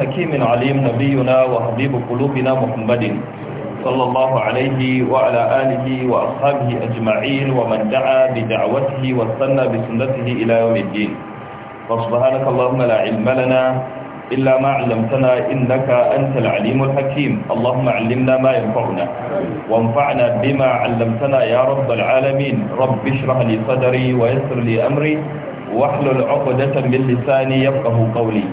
حكيم عليم نبينا وحبيب قلوبنا محمد صلى الله عليه وعلى آله وأصحابه أجمعين ومن دعا بدعوته واستنى بسنته إلى يوم الدين فسبحانك اللهم لا علم لنا إلا ما علمتنا إنك أنت العليم الحكيم اللهم علمنا ما ينفعنا وانفعنا بما علمتنا يا رب العالمين رب اشرح لي صدري ويسر لي أمري واحلل عقدة من لساني يفقه قولي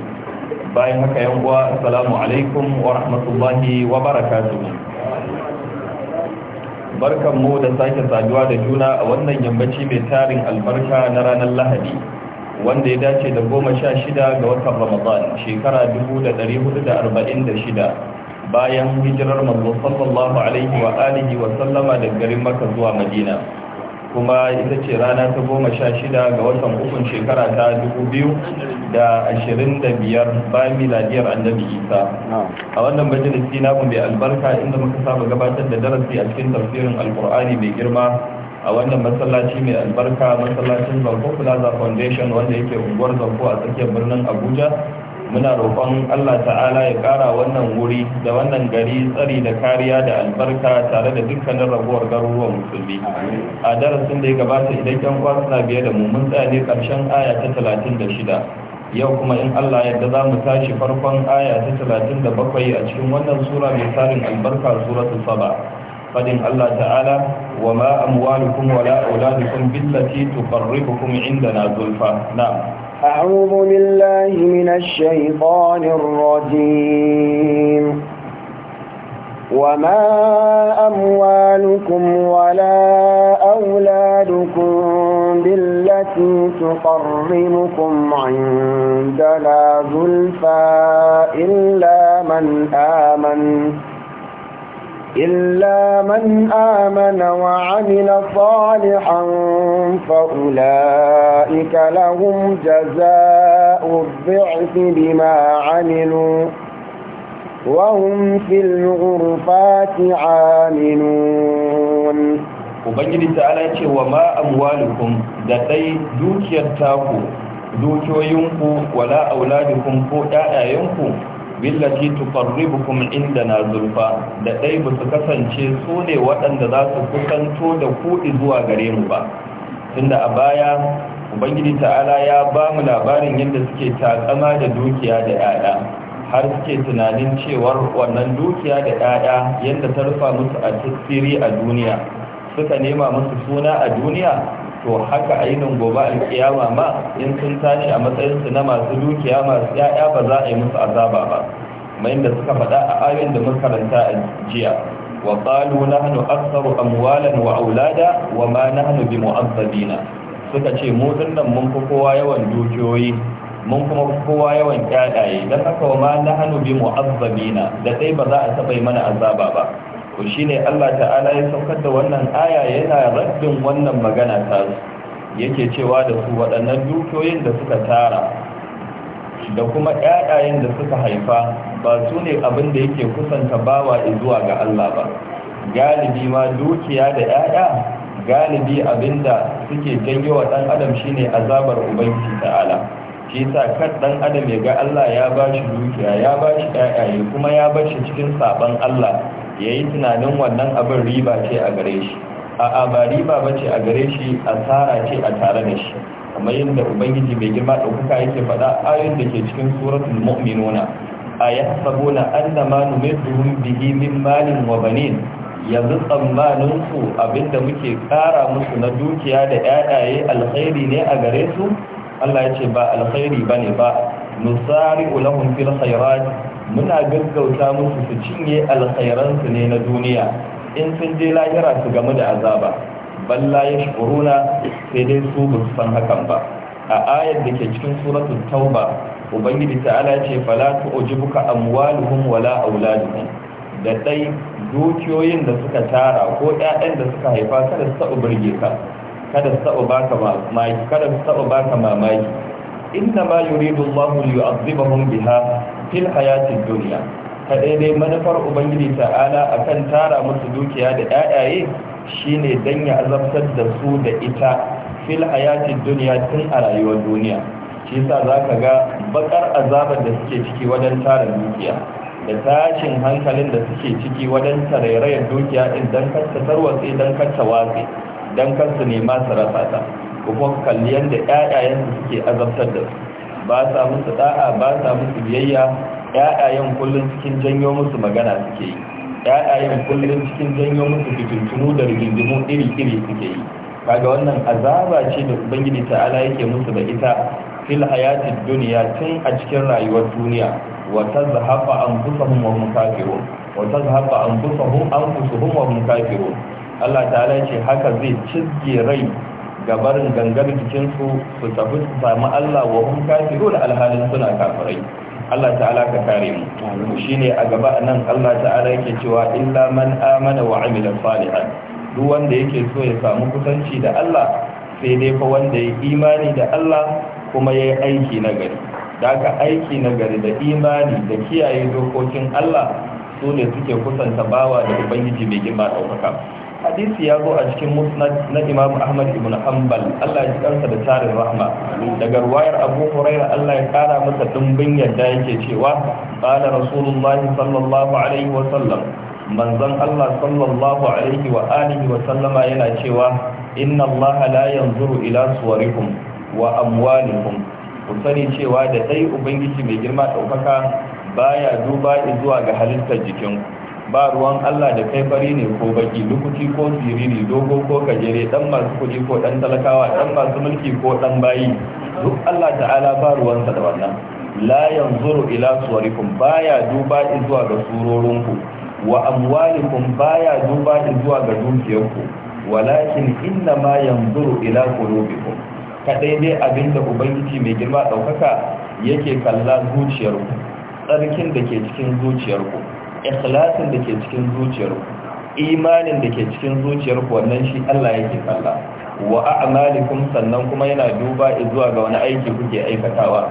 bayan haka yan uwa assalamu alaikum wa rahmatullahi wa barakatuhu barkan mu da sake saduwa da juna a wannan yammaci mai tarin albarka na ranar lahadi wanda ya dace da goma sha shida ga watan ramadan shekara dubu da da arba'in da shida bayan hijirar manzo sallallahu alaihi wa alihi wa sallama daga garin maka zuwa madina kuma ita ce rana ta goma sha shida ga watan ukun shekara ta dubu biyu da ashirin da biyar bayan miladiyar annabi isa a wannan majalisi mu mai albarka inda muka saba gabatar da darasi a cikin tafsirin alkur'ani mai girma a wannan masallaci mai albarka masallacin zanko plaza foundation wanda yake unguwar zanko a tsakiyar birnin abuja muna roƙon Allah ta'ala ya ƙara wannan wuri da wannan gari tsari da kariya da albarka tare da dukkanin raguwar garuruwan musulmi a darasin da ya gabata idan yan uwa suna biye da mu mun tsaya ne ƙarshen aya ta talatin da shida yau kuma in Allah yadda za mu tashi farkon aya ta talatin da bakwai a cikin wannan sura mai tarin albarka suratul saba fadin Allah ta'ala wa ma amwalukum wala auladukum billati tuqarribukum indana zulfa na'am أعوذ بالله من الشيطان الرجيم وما أموالكم ولا أولادكم بالتي تقربكم عندنا زلفى إلا من آمن إلا من آمن وعمل صالحا فأولئك لهم جزاء الضعف بما عملوا وهم في الغرفات عاملون ubangiji ta'ala ce wa ma da dai dukiyar taku dukiyoyinku wala auladukum ko billati tuqarribukum indana zulfa da dai ba su kasance su ne waɗanda za su kusanto da ku zuwa gare mu ba tunda a baya ubangiji ta'ala ya ba mu labarin yadda suke takama da dukiya da 'ya'ya har suke tunanin cewar wannan dukiya da 'ya'ya yadda ta rufa musu a tasiri a duniya suka nema musu suna a duniya to haka ainihin gobe alkiyama ma in sun tashi a matsayinsu na masu dukiya masu ya'ya ba za a yi musu azaba ba mai da suka faɗa a ayin da muka karanta a jiya wa qalu nahnu aktharu amwalan wa aulada wa ma nahnu bi mu'azzabina suka ce mu dinnan mun fi kowa yawan dukiyoyi mun kuma fi kowa yawan kyadaye dan haka wa ma nahnu bi mu'azzabina da dai ba za a taɓa yi mana azaba ba ko shine Allah ta'ala ya saukar da wannan aya yana raddin wannan magana ta yake cewa da su waɗannan dukiyoyin da suka tara da kuma ƴaƴayen da suka haifa ba su ne abin da yake kusanta bawa zuwa ga Allah ba galibi ma dukiya da ƴaƴa galibi abinda suke janyo wa ɗan adam shine azabar ubangiji ta'ala shi yasa kar dan adam ya ga Allah ya ba shi dukiya ya ba shi ƴaƴaye kuma ya bar shi cikin saban Allah yayi tunanin wannan abin riba ce a gare shi a'a ba riba bace a gare shi asara ce a tare da shi kamar yadda ubangiji mai girma ɗaukaka yake faɗa ayoyin da ke cikin suratul mu'minuna a yahsabuna annama numidduhum bihi min malin wa banin yanzu tsammanin su abinda muke ƙara musu na dukiya da ƴaƴaye alkhairi ne a gare su Allah ya ce ba alkhairi ne ba Nusari lahum fil khairat muna gaggauta musu su cinye alkhairan su ne na duniya in sun je lahira su gamu da azaba balla yashkuruna sai dai su ba san hakan ba a ayar da ke cikin suratul tauba ubangiji ta'ala ce fala tu'jibuka amwaluhum wala auladuhum da dai dukiyoyin da suka tara ko ƴaƴan da suka haifa kada su taɓa burge ka kada su taɓa baka mamaki kada su taɓa baka mamaki inna ma yuridu Allahu li yu'adhibahum biha fil hayati dunya dai dai manufar ubangiji ta'ala akan tara musu dukiya da ayaye shine dan ya azabtar da su da ita fil hayati dunya tun a rayuwar duniya shi yasa zaka ga bakar azabar da suke ciki wajen tara dukiya da tashin hankalin da suke ciki wajen tarairayar dukiya din dan kasta tarwatsi dan kasta watsi don kansu ne masu rasa ta kuma kalli yadda su suke azabtar da su ba sa musu da'a ba sa musu biyayya ƴaƴayen kullun cikin janyo musu magana suke yi ƴaƴayen kullun cikin janyo musu fitintunu da rigingimu iri-iri suke yi kaga wannan azaba ce da ubangiji ta'ala yake musu da ita fil hayatid dunya tun a cikin rayuwar duniya wa tazhaqa anfusuhum wa hum kafirun wa tazhaqa anfusuhum anfusuhum wa hum kafirun Allah ta'ala ce haka zai cizge rai gabarin gangar jikinsu su tafi su sami Allah wa hun kafiru da alhalin suna kafirai Allah ta'ala ka kare mu shi ne a gaba nan Allah ta'ala yake cewa illa man amana wa amila salihan duk wanda yake so ya samu kusanci da Allah sai dai fa wanda ya imani da Allah kuma ya yi aiki na gari da aiki na gari da imani da kiyaye dokokin Allah su ne suke kusanta bawa da ubangiji mai girma ɗaukaka hadisi ya zo a cikin musnad na imam ahmad ibn hanbal allah ya kansa da tarin rahma daga ruwayar abu huraira allah ya kara masa dimbin yadda yake cewa qala rasulullahi sallallahu alaihi wa sallam manzon allah sallallahu alaihi wa alihi wa sallama yana cewa inna allah la yanzuru ila suwarikum wa amwalikum ku sani cewa da dai ubangiji mai girma daukaka baya duba zuwa ga halittar jikinku ba ruwan Allah da kai fari ne ko baki lukuci ko siriri dogo ko gajere dan masu kuɗi ko dan talakawa dan masu mulki ko dan bayi duk Allah ta'ala ba ruwansa da wannan la yanzuru ila suwarikum baya duba zuwa ga surorinku wa amwalikum baya duba zuwa ga dukiyarku walakin inna ma yanzuru ila qulubikum kadai dai abinda ubangiji mai girma daukaka yake kalla zuciyarku tsarkin da ke cikin zuciyarku ikhlasin da ke cikin zuciyar imanin da ke cikin zuciyar wannan shi Allah yake kalla wa a'malikum sannan kuma yana duba zuwa ga wani aiki kuke aikatawa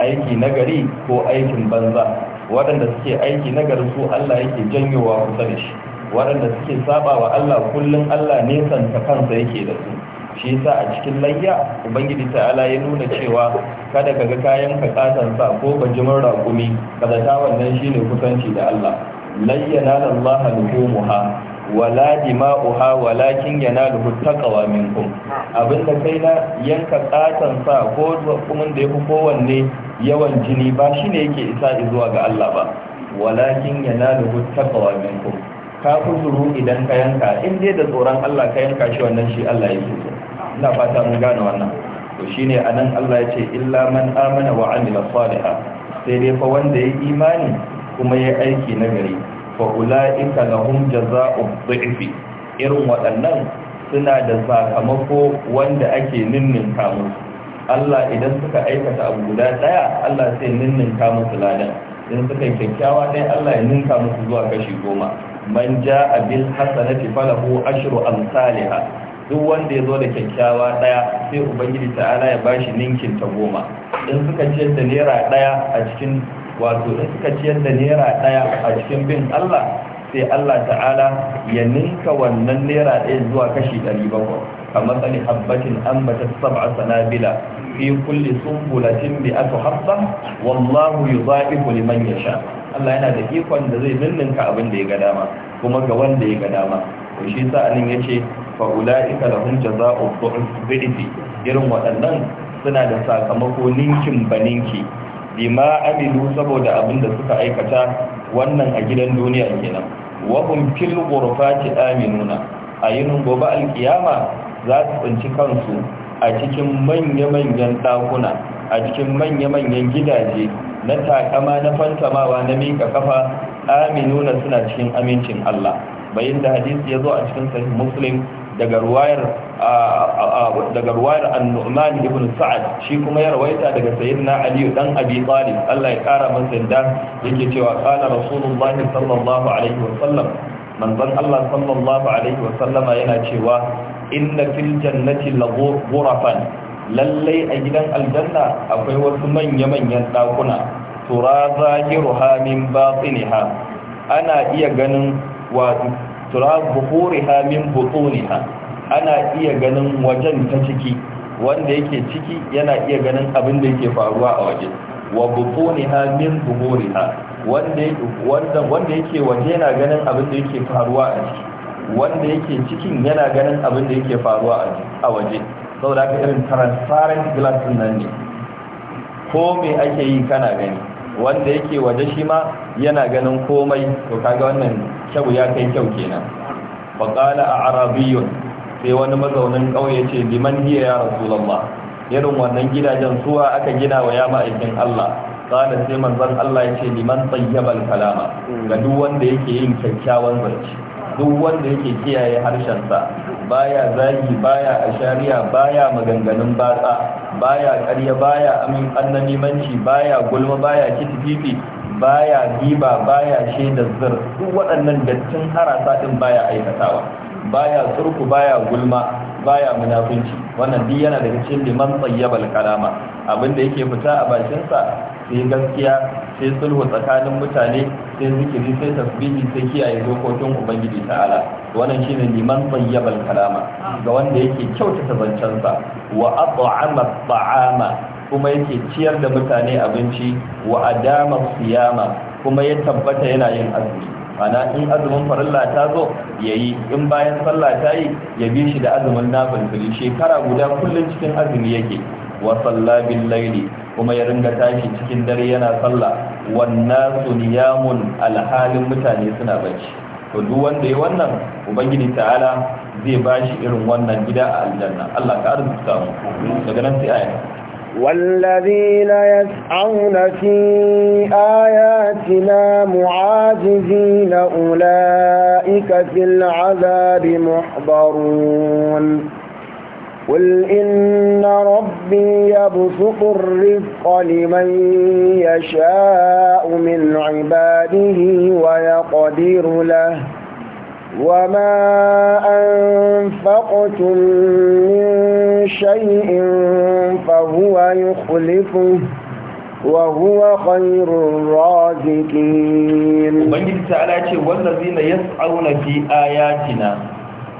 aiki nagari ko aikin banza waɗanda suke aiki nagari su Allah yake janyowa kusa da shi waɗanda suke saba wa Allah kullum Allah ta kansa yake da su shi yasa a cikin layya ubangiji ta'ala ya nuna cewa kada ka ga kayan ka katansa ko bajimin raƙumi kada ta wannan shine kusanci da Allah lan yanala Allah muha, wala dima'uha walakin yanaluhu taqwa minkum abinda kai na yanka katan sa ko kuma da yafi kowanne yawan jini ba shine yake isa zuwa ga Allah ba walakin yanaluhu taqwa minkum ka kuzuru idan ka yanka in dai da tsoron Allah ka yanka shi wannan shi Allah yake so ina fata mun gane wannan to shine anan Allah ya ce illa man amana wa amila salihah sai dai fa wanda ya imani kuma ya aiki na gari fa ula'ika lahum jaza'u dhi'fi irin waɗannan suna da sakamako wanda ake ninnin kamu Allah idan suka aikata abu guda daya Allah sai ninnin kamu ladan idan suka yi kyakkyawa dai Allah ya ninka musu zuwa kashi goma man ja'a bil hasanati falahu ashru amsaliha duk wanda ya zo da kyakkyawa ɗaya sai ubangiji ta'ala ya bashi ninkin ta goma in suka ce da naira ɗaya a cikin wato in suka ciyar da naira ɗaya a cikin bin Allah sai Allah ta'ala ya ninka wannan naira ɗaya zuwa kashi ɗari bakwai kamar tsali habbatin an bata saba sanabila fi kulli sumbulatin bi aka habba wallahu yuzaihu liman sha Allah yana da ikon da zai ninninka abin da ya ga dama kuma ga wanda ya ga dama to shi sa ya ce fa ulaika lahum jazaa'u irin waɗannan suna da sakamako ninkin baninki bima amilu saboda abin da suka aikata wannan a gidan duniya kenan wa hum fil ghurfati aminuna a gobe alkiyama za su tsinci kansu a cikin manya-manyan dakuna a cikin manya-manyan gidaje na takama na fantamawa na mika kafa aminuna suna cikin amincin Allah Bayinda da hadisi ya zo a cikin sahih muslim daga ruwayar annu'man ibn sa'ad shi kuma ya rawaita daga sayyidina ali dan abi talib Allah ya kara masa yadda yake cewa kana rasulullahi sallallahu alaihi wa sallam manzon Allah sallallahu alaihi wa sallama yana cewa inna fil jannati laghurafan lallai a gidan aljanna akwai wasu manya-manyan dakuna tura zahiruha min batiniha ana iya ganin wato turab buhuriha min butuniha ana iya ganin wajen ta ciki wanda yake ciki yana iya ganin abin da yake faruwa a waje wa butuniha min buhuriha wanda wanda wanda yake waje yana ganin abin da yake faruwa a ciki wanda yake cikin yana ganin abin da yake faruwa a waje saboda haka irin transparent glass nan ne ko me ake yi kana gani wanda yake waje shi ma yana ganin komai to kaga wannan kyau ya kai kyau kenan fa qala arabiyyun sai wani mazaunin kauye ce liman hiya ya rasulullah irin wannan gidajen suwa aka gina wa ya ma'aikin Allah qala sai manzon Allah ya ce liman tayyibal kalama ga duk wanda yake yin kyakkyawan zance duk wanda yake kiyaye harshen sa baya zagi baya ashariya baya maganganun batsa baya ƙarya baya amin annamimanci baya gulma baya kitififi baya giba baya shaida zir duk waɗannan dattin harasa din baya aikatawa baya surku baya gulma baya munafunci wannan duk yana daga cikin liman tsayyabal kalama abinda yake fita a bakinsa sai gaskiya sai sulhu tsakanin mutane sai zikiri sai tasbihi sai kiyaye dokokin ubangiji ta'ala wannan shine liman tayyibal kalama ga wanda yake kyautata zancensa wa at'ama ta'ama kuma yake ciyar da mutane abinci wa adama siyama kuma ya tabbata yana yin azumi ana in azumin farilla ta zo yayi in bayan sallah ta yi ya bi shi da azumin nafil shekara guda kullum cikin azumi yake wa salla bil kuma ya ringa tashi cikin dare yana sallah wan nasu niyamun alhalin mutane suna bacci to duk wanda ya wannan ubangiji ta'ala zai bashi irin wannan gida a aljanna Allah ka arzuta mu daga nan sai aya والذين يسعون في آياتنا معاجزين أولئك في العذاب محضرون قل إن ربي يبسط الرزق لمن يشاء من عباده ويقدر له وما أنفقتم من شيء فهو يخلفه وهو خير الرازقين ومن تعالى والذين يسعون في آياتنا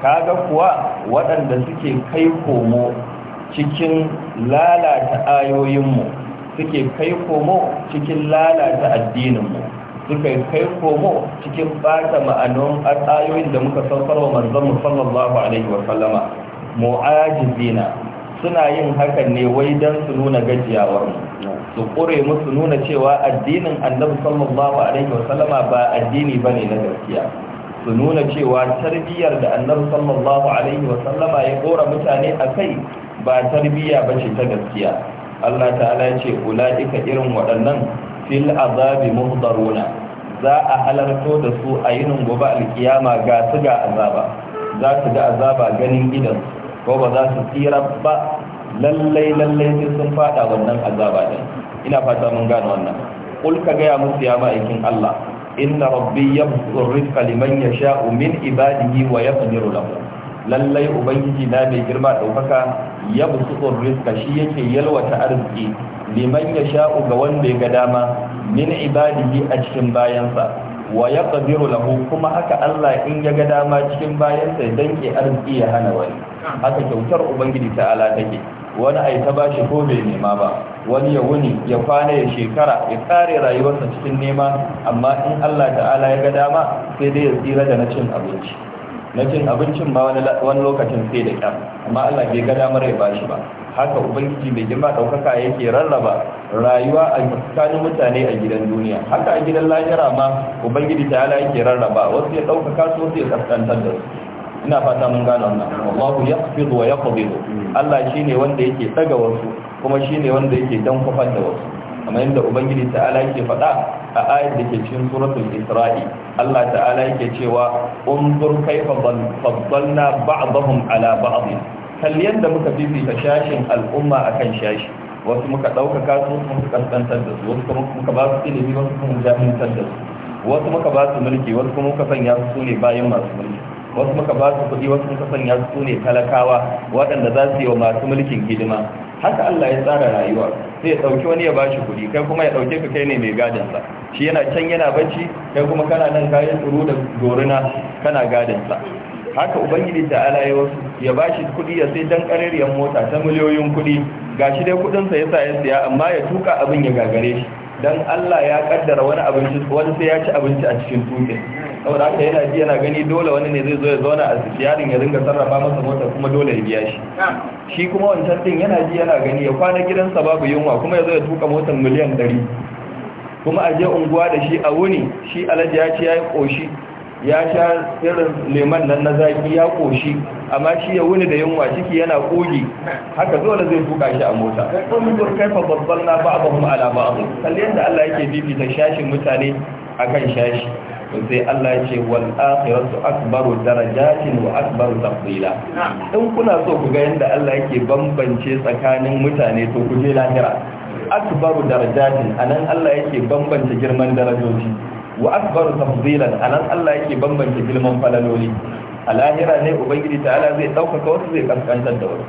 kaga kuwa waɗanda suke kai komo cikin lalata ayoyinmu suke kai komo cikin lalata addininmu suke kai komo cikin bata ma'anon ayoyin da muka saukar wa manzanmu sallallahu alaihi wa sallama mu'ajizina suna yin hakan ne wai don su nuna gajiyawar su kure musu nuna cewa addinin annabi sallallahu alaihi wa sallama ba addini bane na gaskiya su nuna cewa tarbiyyar da annabi sallallahu alaihi wa sallama ya gora mutane a kai ba tarbiyya ba ce ta gaskiya Allah ta'ala ya ce ula'ika irin waɗannan fil azabi muhdaruna za a halarto da su a yinin gobe alkiyama ga su ga azaba za su ga azaba ganin gidan ko ba za su tsira ba lallai lallai sai sun fada wannan azaba din ina fata mun gane wannan kul ka gaya musu ya aikin Allah inna rabbi yabsu rizqa liman yasha'u min ibadihi wa yaqdiru lahu lallai ubangiji na mai girma daukaka yabsu rizqa shi yake yalwata arziki liman yasha'u ga wanda ya dama min ibadihi a cikin bayansa wa yaqdiru lahu kuma haka Allah in ya ga dama cikin bayansa ya danke arziki ya hana wani haka kyautar ubangiji ta'ala take wani a yi ta bashi ko bai nema ba wani ya wuni ya kwana ya shekara ya kare rayuwarsa cikin nema amma in Allah ta'ala ya ga dama sai dai ya tsira da na cin abinci na cin abincin ma wani lokacin sai da kyar amma Allah bai ga damar ya bashi ba haka ubangiji mai girma ɗaukaka yake rarraba rayuwa a tsakanin mutane a gidan duniya haka a gidan lahira ma ubangiji ta'ala yake rarraba wasu ya ɗaukaka su wasu ya kaskantar da su ina fata mun gane wannan wallahu yaqbidu wa yaqbidu Allah shi ne wanda yake daga wasu kuma shi ne wanda yake dan kufar da wasu kamar yadda ubangiji ta'ala yake faɗa a ayat da ke cikin suratul isra'i Allah ta'ala yake cewa unzur kaifa faddalna ba'dahum ala ba'd kalli yadda muka fifita shashin al'umma akan shashi wasu muka ɗaukaka su muka kaskantar da su wasu kuma muka ba su ilimi wasu kuma jahiltar da su wasu muka ba su mulki wasu kuma muka sanya su ne bayan masu mulki wasu muka ba su kuɗi wasu muka sanya su ne talakawa waɗanda za su yi wa masu mulkin hidima haka Allah ya tsara rayuwa sai ya ɗauki wani ya bashi kuɗi kai kuma ya ɗauke ka kai ne mai gadinsa shi yana can yana bacci kai kuma kana nan kayan tsoro da goruna kana gadinsa haka ubangiji ta ala ya wasu ya bashi kuɗi ya sai dan ƙararriyar mota ta miliyoyin kuɗi gashi dai kuɗinsa ya sa ya siya amma ya tuka abin ya gagare shi don Allah ya kaddara wani abinci wani sai ya ci abinci a cikin tuke saboda haka yana ji yana gani dole wani ne zai zo ya zauna a yarin ya ringa sarrafa masa mota kuma dole ya biya shi shi kuma wancan din yana ji yana gani ya kwana gidansa babu yunwa kuma ya zo ya tuka motar miliyan 100 kuma a je unguwa da shi a wuni shi alaji ya ce ya yi koshi ya sha irin leman nan na zaki ya koshi amma shi ya wuni da yunwa ciki yana kogi haka dole zai tuka shi a mota unzur kaifa ba ba'dahum ala ba. kalli yadda Allah yake bibita shashin mutane akan shashi to sai Allah ya ce wal akhiratu akbaru darajatin wa akbaru tafdila in kuna so ku ga yadda Allah yake bambance tsakanin mutane to ku je lahira akbaru darajatin anan Allah yake bambance girman darajoji wa akbaru tafdilan anan Allah yake bambance ilmin falaloli a lahira ne ubangiji ta'ala zai ka wasu zai kaskantar da wasu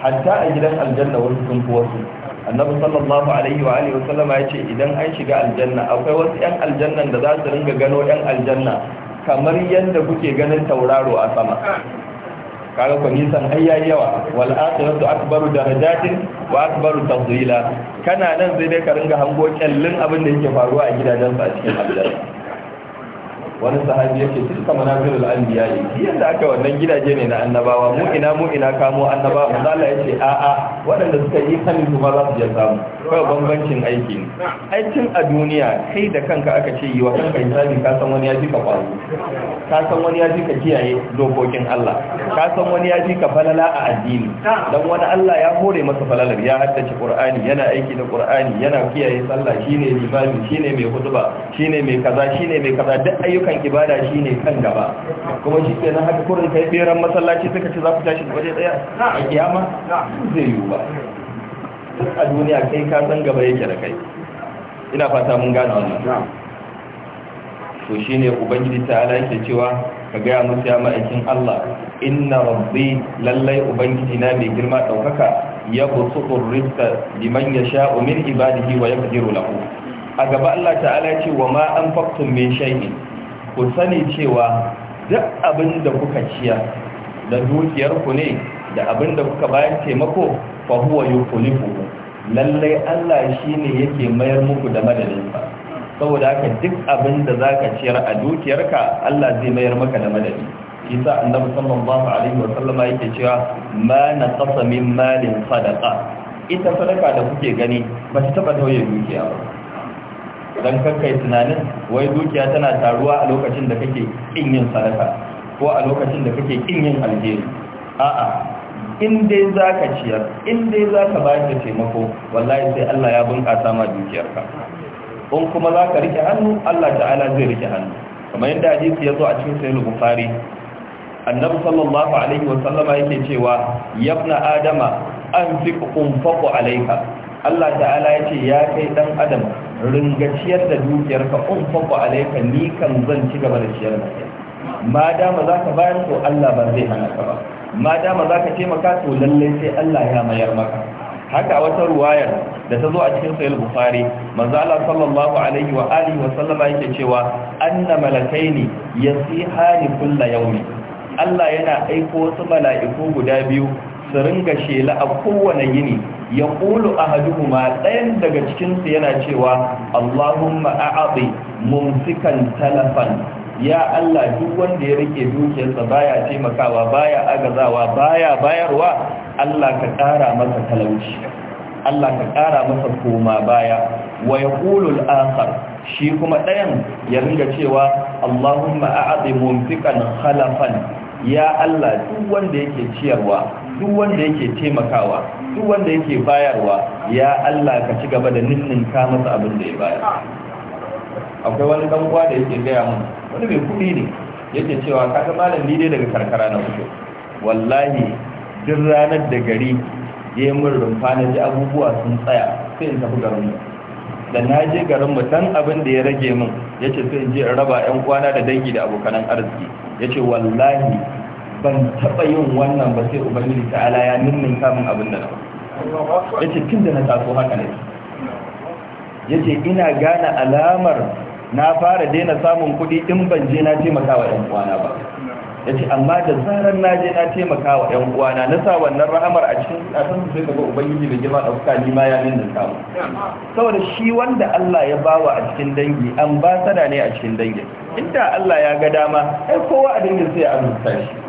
hatta a gidan aljanna wasu sun fi wasu annabi sallallahu alaihi wa alihi wasallam ya ce idan an shiga aljanna akwai wasu yan aljannan da za su ringa gano yan aljanna kamar yadda kuke ganin tauraro a sama kaga ko nisan ai yayi yawa wal akhiratu akbaru darajatin wa akbaru tafdila kana nan zai dai ka ringa hango kyallin abin da yake faruwa a gidajen sa a cikin aljanna wani sahabi yake tilka manazirul anbiya yi yadda aka wannan gidaje ne na annabawa mu ina mu ina kamo annabawa manzo Allah yace a a waɗanda suka yi kanin kuma za su je samu kawai bambancin aiki ne aikin a duniya kai da kanka aka ce yi wa kanka hisabi ka san wani ya ji ka kwazo ka san wani ya ji ka kiyaye dokokin Allah ka san wani ya ji ka falala a addini dan wani Allah ya hore masa falalar ya haddace Qur'ani yana aiki da Qur'ani yana kiyaye sallah shine limami shine mai hutuba shine mai kaza shine mai kaza duk ayyukan akan ibada ne kan gaba kuma shi ke nan haka kurin kai beran masallaci suka ce za ku tashi waje daya a kiyama zai yiwu ba duk a duniya kai ka san gaba yake da kai ina fata mun gane wannan to shi ne ubangiji ta ala yake cewa ka gaya musu ya ma'aikin Allah inna rabbi lallai ubangiji na mai girma daukaka ya busutur rizqa liman yasha'u min ibadihi wa yaqdiru lahu a gaba Allah ta'ala ce wa ma an faktum min shay'in ku sani cewa duk abin da kuka ciya da dukiyarku ne da abin da kuka bayan taimako fa huwa yukhlifu lallai Allah shi ne yake mayar muku da madadin saboda haka duk abin da zaka ciyar a dukiyarka Allah zai mayar maka da madadi kisa annabi sallallahu alaihi wa sallama yake cewa ma naqasa min malin sadaqa ita sadaka da kuke gani ba ta taba tauye dukiya ba don kakkai tunanin wai dukiya tana taruwa a lokacin da kake kin yin sadaka ko a lokacin da kake kin yin alheri a'a in dai zaka ciyar in dai zaka bayar da taimako wallahi sai Allah ya bunƙasa ma dukiyarka in kuma zaka rike hannu Allah ta'ala zai rike hannu kamar yadda hadisi ya zo a cikin sahih bukhari annabi sallallahu alaihi wa sallama yake cewa yabna adama anfiq unfaqu alayka Allah ta'ala yace ya kai dan adam ringa da dukiyar ka un faku alaika ni kan zan ci gaba da ciyar da kai ma dama za ka bayar to Allah ba zai hana ka ba ma dama za ka taimaka to lallai sai Allah ya mayar maka haka wata ruwayar da ta zo a cikin sahih bukhari manzo Allah sallallahu alaihi wa alihi wa sallama yake cewa anna malakaini yasihani kullu yawmi Allah yana aiko wasu mala'iku guda biyu su ringa shela a kowane yini ya ƙulu a hajjuhuma ɗayan daga cikinsu yana cewa allahumma a'aɗi mumsikan talafan ya allah duk wanda ya rike dukiyarsa baya taimakawa baya agazawa baya bayarwa allah ka ƙara masa talauci allah ka ƙara masa koma baya wa ya ƙulu al'asar shi kuma ɗayan ya ringa cewa allahumma a'aɗi mumsikan khalafan ya allah duk wanda yake ciyarwa duk wanda yake taimakawa duk wanda yake bayarwa ya Allah ka ci gaba da ka masa abin da ya bayar akwai wani dan uwa da yake gaya mun wani mai kuɗi ne yake cewa ka ga malam ni dai daga karkara na fito wallahi duk ranar da gari ya mun rumfa na ji abubuwa sun tsaya sai in tafi garin da na je garin mu dan abin da ya rage mun yace sai in je in raba yan kwana da dangi da abokanan arziki yace wallahi ban taɓa yin wannan ba sai ubangiji ta'ala ya min samun abin da na ya ce tun da na taso haka ne ya ce ina gane alamar na fara daina samun kuɗi in ban je na taimaka wa ‘yan uwana ba ya ce amma da zarar na je na taimaka wa ‘yan uwana na sa wannan rahamar a cikin ƙasar su sai gaba ubangiji da girma ɗauka ni ma ya min da samu saboda shi wanda Allah ya bawa a cikin dangi sada ne a cikin dangi inda Allah ya ga dama ai kowa a dangin sai ya azurta shi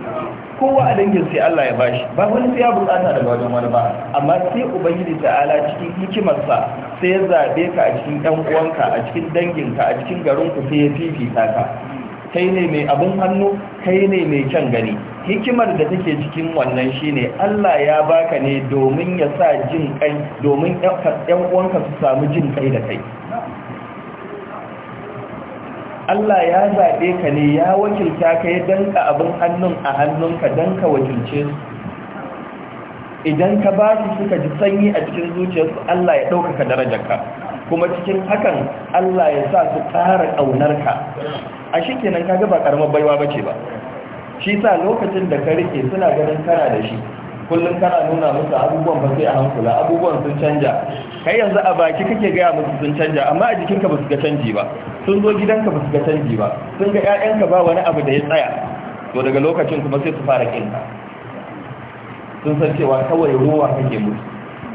kowa a dangin sai Allah ya bashi ba wani sai ya bukata daga wajen wani ba amma sai ubangiji ta'ala cikin hikimarsa sai ya zabe ka a cikin ɗan uwanka a cikin danginka a cikin garinku sai ya fifita ka kai ne mai abun hannu kai ne mai kyan gani hikimar da take cikin wannan shine Allah ya baka ne domin ya sa jin kai domin ɗan uwanka su samu jin kai da kai Allah ya zaɓe ka ne ya wakilta ka ya danka abin hannun a hannunka don ka wakilce idan ka ba su suka ji sanyi a cikin zuciyarsu Allah ya ɗaukaka darajarka kuma cikin hakan Allah ya sa su ƙara ƙaunarka a shi kenan ka gaba ƙaramar baiwa ba ce ba shi sa lokacin da ka rike suna ganin kana da shi kullum kana nuna musu abubuwan ba sai a hankula abubuwan sun canja kai yanzu a baki kake gaya musu sun canja amma a jikinka ba su ga canji ba sun zo gidanka ba su ga canji ba sun ga 'ya'yanka ba wani abu da ya tsaya to daga lokacin kuma sai su fara kinka sun san cewa kawai ruwa kake musu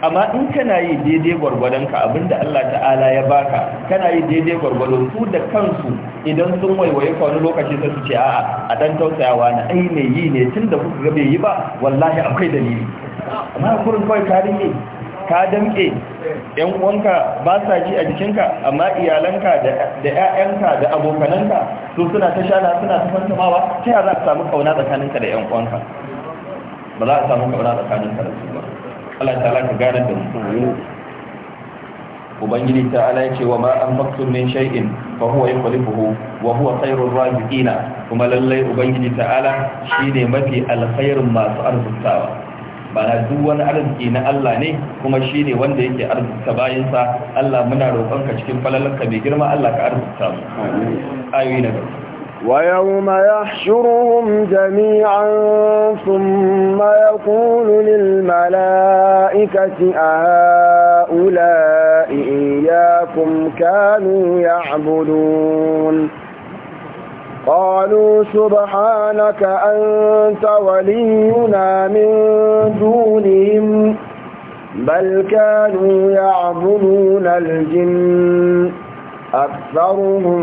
amma in kana yi daidai gwargwadon ka abinda Allah ta'ala ya baka kana yi daidai gwargwadon su da kansu idan sun waiwaye ka wani lokaci sai su ce a'a a dan tausayawa na ai me yi ne tunda kuka ga bai yi ba wallahi akwai dalili amma kurin kawai ka rike ka damke yan uwanka ba sa ji a jikinka amma iyalanka da ƴaƴanka da abokananka su suna ta shana suna ta fantamawa ta yaya za a samu kauna tsakaninka da yan uwanka ba za a samu kauna tsakaninka da su ba Allah ta'ala ka gane da su ubangiji ta'ala ya ce wa ma an faktun min shay'in fa huwa yukhlifuhu wa huwa khairur raziqina kuma lallai ubangiji ta'ala shine mafi alkhairin masu arzikawa bana duk wani arziki na Allah ne kuma shi ne wanda yake arzuta bayansa Allah muna roƙonka cikin falalanka, mai girma Allah ka arzuta mu ayoyi na gaba ويوم يحشرهم جميعا ثم يقول للملائكة أهؤلاء إياكم كانوا يعبدون قالوا سبحانك أنت ولينا من دونهم بل كانوا يعبدون الجن أكثرهم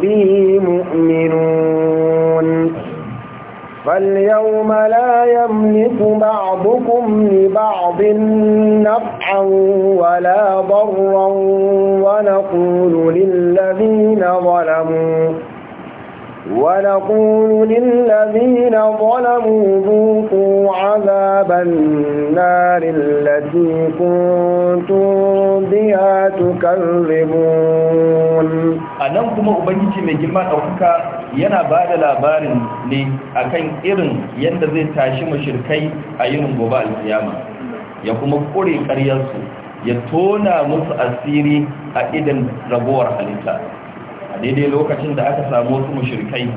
به مؤمنون فاليوم لا يملك بعضكم لبعض نفعا ولا ضرا ونقول للذين ظلموا ونقول للذين ظلموا ذوقوا عذاب النار التي كنتم بها تكذبون anan kuma ubangiji mai girma ɗaukaka yana ba da labarin ne akan irin yadda zai tashi mashirkai a yin gobe alkiyama ya kuma ƙure ƙaryarsu ya tona musu asiri a idan ragowar halitta a daidai lokacin da aka samu wasu mushirikai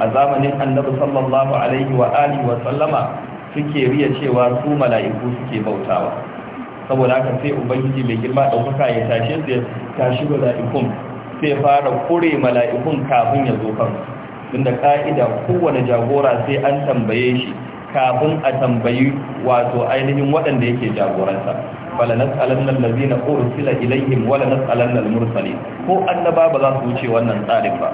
a zamanin annabi sallallahu alaihi wa alihi wa sallama suke riya cewa su mala'iku suke bautawa saboda haka sai ubangiji mai girma daukaka ya tashe su ya tashi mala'ikun sai fara kure mala'ikun kafin ya zo kansu tunda ka'ida kowane jagora sai an tambaye shi kafin a tambayi wato ainihin waɗanda yake jagoransa falanas'alanna allazina ursila ilaihim wa lanas'alanna al-mursalin ko annaba ba za su wuce wannan tsarin ba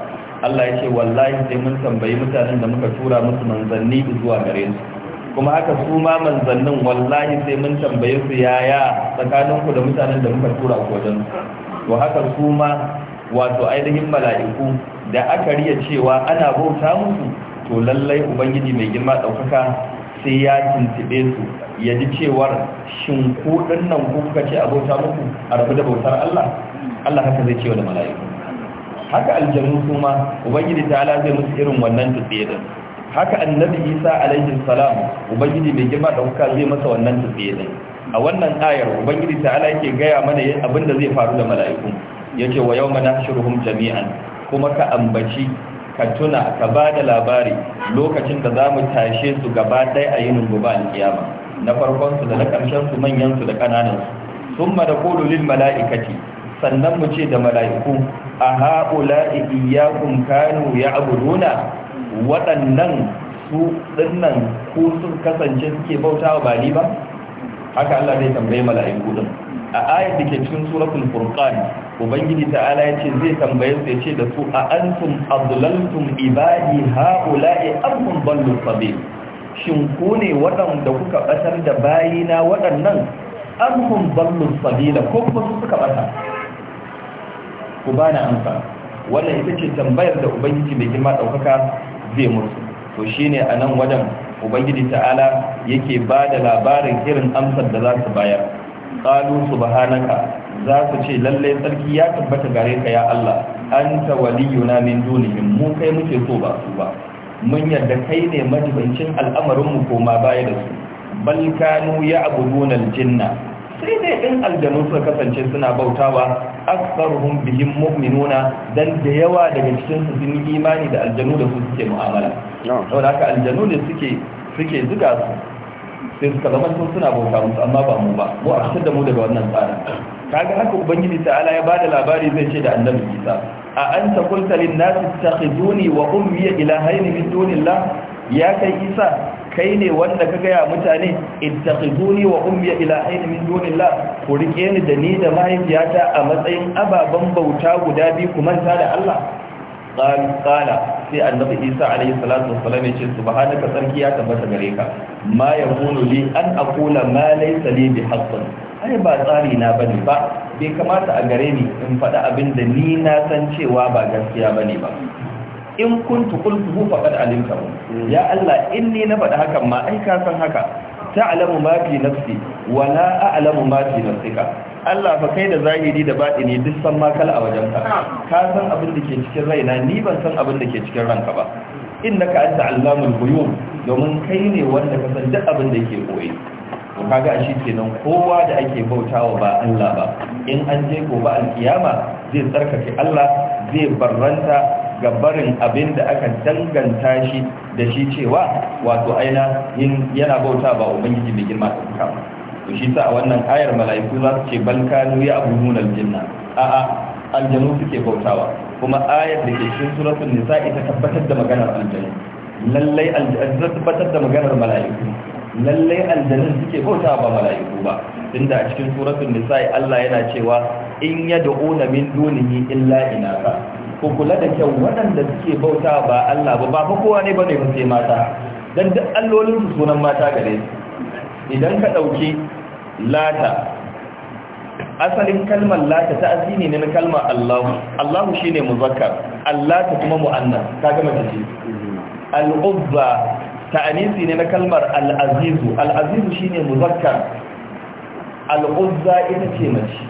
Allah ya ce wallahi sai mun tambayi mutanen da muka tura musu manzanni zuwa gare su kuma haka su ma manzannin wallahi sai mun tambaye su yaya tsakaninku da mutanen da muka tura ku wajen to haka su ma wato ainihin mala'iku da aka riya cewa ana bauta musu to lallai ubangiji mai girma ɗaukaka sai ya tuntube su ya ji cewar shin ku nan ku kuka ce abota muku a rabu da bautar Allah Allah haka zai cewa da mala'iku haka aljannu Kuma, ubangiji ta ala zai musu irin wannan tutsiye din haka annabi Isa alaihi salam ubangiji mai girma dauka zai masa wannan tutsiye din a wannan ayar ubangiji ala yake gaya mana abin da zai faru da mala'iku yace wa yawma nashruhum jami'an kuma ka ambaci ka tuna ka ba da labari lokacin da za mu tashe su gaba ɗaya a yinin gobe alkiyama na farkon da na ƙarshen su da ƙananansu, sun ma da mala'ikati sannan mu ce da mala'iku a ha'ula iya kunkanu ya abuduna waɗannan su ɗinnan ko sun kasance suke bauta wa ni ba haka Allah zai tambayi mala'iku din a ayat da ke cikin suratul furqan ubangiji ta'ala yace zai tambaye su yace da su a antum adlaltum ibadi haula'i am hum dallu sabil shin ku ne waɗanda kuka batar da bayina waɗannan am hum dallu sabil ko kuma su suka bata ku bana amsa wannan ita ce tambayar da ubangiji mai girma daukaka zai musu to shine anan wajen ubangiji ta'ala yake ba da labarin irin amsar da za su bayar qalu subhanaka za su ce lalle sarki ya tabbata gare ka ya Allah anta waliyuna min dunihim mu kai muke so ba su ba mun yarda kai ne majibancin al'amarin mu koma baya da su bal kanu ya'buduna al-jinna sai dai din aljanu suka kasance suna bautawa aktsaruhum bihim mu'minuna dan da yawa daga cikin su sun imani da aljanu da su suke mu'amala saboda haka aljanu ne suke suke zuga su sai suka zama sun suna bauta musu amma ba mu ba mu a fitar da mu daga wannan tsarin kaga haka ubangiji ta'ala ya bada labari zai ce da annabi isa a an ta kulta lin nasi takhizuni wa ummi ilahaini min dunillah ya kai isa kai ne wanda ka gaya mutane ittaqizuni wa ummi ilahaini min dunillah ku rike ni da ni da mahaifiyata a matsayin ababan bauta guda biyu ku manta da Allah qala sai annabi Isa alaihi salatu wassalam ya ce subhanaka sarki ya tabbata gare ka ma yakunu li an aqula ma laysa li ai ba tsari na bane ba bai kamata a gare ni in faɗi abin da ni na san cewa ba gaskiya bane ba in kuntu qultuhu faqad alimta ya Allah in ni na faɗi hakan ma ai ka san haka ta'lamu ma fi nafsi wa la a'lamu ma fi nafsika Allah fa kai da zahiri da batini duk san ma kala a wajenka ka san abin da ke cikin raina ni ban san abin da ke cikin ranka ba innaka anta allamul ghuyub domin kai ne wanda ka san duk abin da yake koyi to kaga shi kenan kowa da ake bautawa ba Allah ba in an je gobe alkiyama zai tsarkake Allah zai barranta gabarin abin da aka danganta shi da shi cewa wato yin yana bauta ba ubangiji mai girma ta suka to shi sa a wannan ayar mala'iku za su ce balkanu ya abu nuna aljanna a'a aljanu suke bautawa kuma ayar da ke cikin suratul nisa ita tabbatar da maganar aljanu lallai aljanu tabbatar da maganar mala'iku lallai aljanun suke bautawa ba mala'iku ba tunda a cikin suratul nisa Allah yana cewa in yad'una min dunihi illa inaka ku kula da kyau waɗanda suke bauta ba Allah ba ba kowa ne ba ne sai mata dan duk allolin su sunan mata gare idan ka dauki lata asalin kalmar lata ta asini ne na kalmar Allahu Allahu shine muzakkar ta kuma muannas gama mace ce al-uzza ta'anisi ne na kalmar al-azizu al-azizu shine muzakkar al-uzza ita ce mace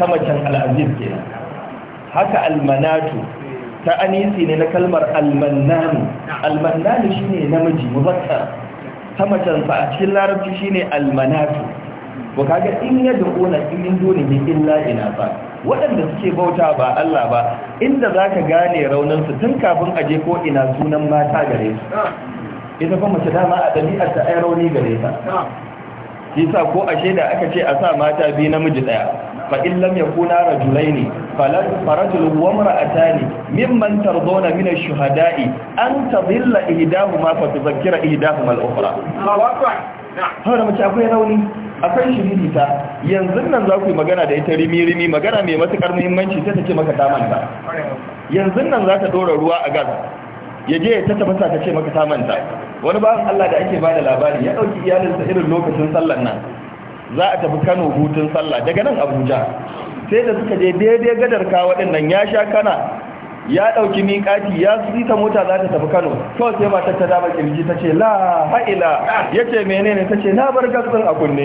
ta macen al-aziz kenan haka almanatu ta anisi ne na kalmar almannanu almannanu ne namiji muzakkar ta macen a cikin larabci shi ne almanatu ba kaga in ya dukuna in zo ne illa ina ba, waɗanda suke bauta ba Allah ba inda za ka gane rauninsu, tun kafin aje ko ina sunan mata gare su ita kuma mace dama a ɗabi'ar ta ai rauni gare ta yasa ko ashe da aka ce a sa mata biyu namiji ɗaya fa in lam yakuna rajulaini falan farajulun wa mar'atani mimman mimantar min ash-shuhada'i an tadilla ihdahuma fa tudhakkira ihdahuma al-ukhra mace akwai rauni akwai yanzu nan za ku yi magana da ita rimi-rimi magana mai matukar muhimmanci sai ta ce maka ta manta yanzu nan za ta dora ruwa a gas ya je ta tafasa ta ce maka ta manta wani bayan Allah da ake bada labari ya ɗauki iyalinsa irin lokacin sallan nan za a tafi kano hutun sallah daga nan abuja sai da suka je daidai gadar ka waɗannan ya sha kana ya ɗauki miƙati ya ta mota za ta tafi kano kawai sai ma tattara dama kirji ta ce la ha'ila ya ce menene ta ce na bar gasar a kunne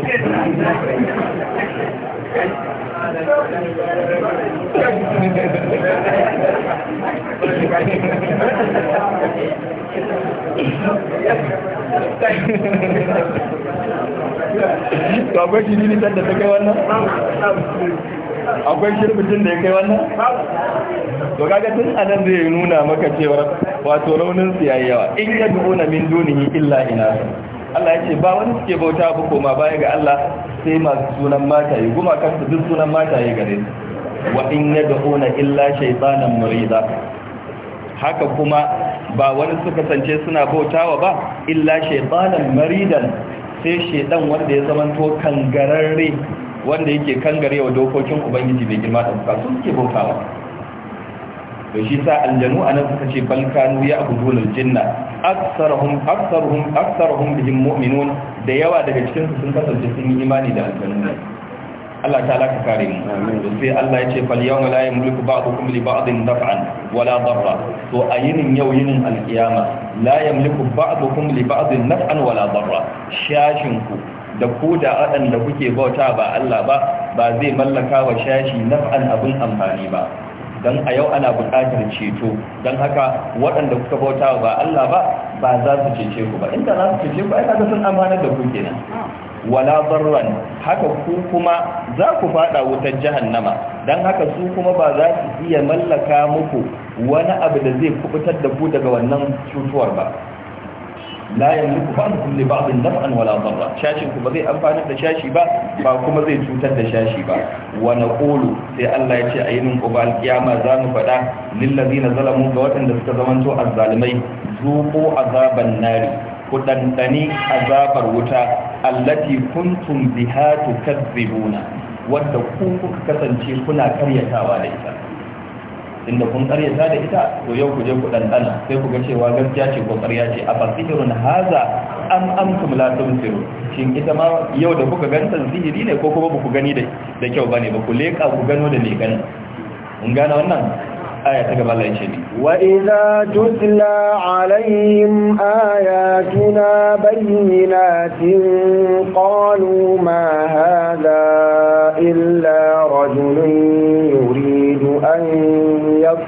to akwai shi ne da ta kai wannan akwai shirbitin da ya kai wannan to kaga tun anan zai nuna maka cewa wato raunin su yayi yawa in yad'una min dunihi illa ina. Allah ya ce ba wani suke bauta ba koma baya ga Allah sai masu sunan mata mataye gumakan su duk sunan mata yi gare su wa in ya yad'una illa shaytanan murida haka kuma ba wani suka sance suna bautawa ba illa shaytanan maridan sai shedan wanda ya zamanto kangararre wanda yake kangarewa dokokin ubangiji bai girma da buka sun ke bautawa to shi sa aljanu anan suka ce balkanu ya abudul jinna aktsaruhum aktsaruhum aktsaruhum bihim mu'minun da yawa daga cikin su sun kasance sun yi imani da aljanu Allah ta laka kare mu sai Allah ya ce fal yawma la yamliku ba'dukum li ba'din daf'an wala darra to a yinin yau yinin alkiyama la yamliku ba'dukum li ba'din naf'an wala darra shashin ku da ku da waɗanda kuke bauta ba Allah ba ba zai mallaka wa shashi naf'an abin amfani ba don a yau ana buƙatar ceto don haka waɗanda kuka bauta ba Allah ba ba za su cece ku ba inda za su cece ku ai kaga sun amana da ku kenan wala barran haka ku kuma za ku fada wutar jahannama don haka su kuma ba za su iya mallaka muku wani abu da zai kubutar da ku daga wannan cutuwar ba la yamliku ba'dukum li ba'din naf'an wala darra shashin ku ba zai da shashi ba ba kuma zai cutar da shashi ba wa naqulu sai Allah ya ce ayinin qubal kiyama za mu fada lil ladina zalamu ga waɗanda suka zamanto azzalimai zuqu azaban nari ku dandani azabar wuta allati kuntum biha tukazzibuna wadda ku kuka kasance kuna karyatawa da ita inda kun karyata da ita to yau ku je ku dandana sai ku ga cewa gaskiya ce ko karya ce a fasihirun haza am amtum la tumsiru shin ita ma yau da kuka ganta sihiri ne ko kuma ku gani da kyau bane ba ku leka ku gano da ne gani mun gane wannan aya ta gaba Allah ya ce ni wa idza tutla alaihim ayatuna bayyinatin qalu ma hadha illa rajulun yuri أن يف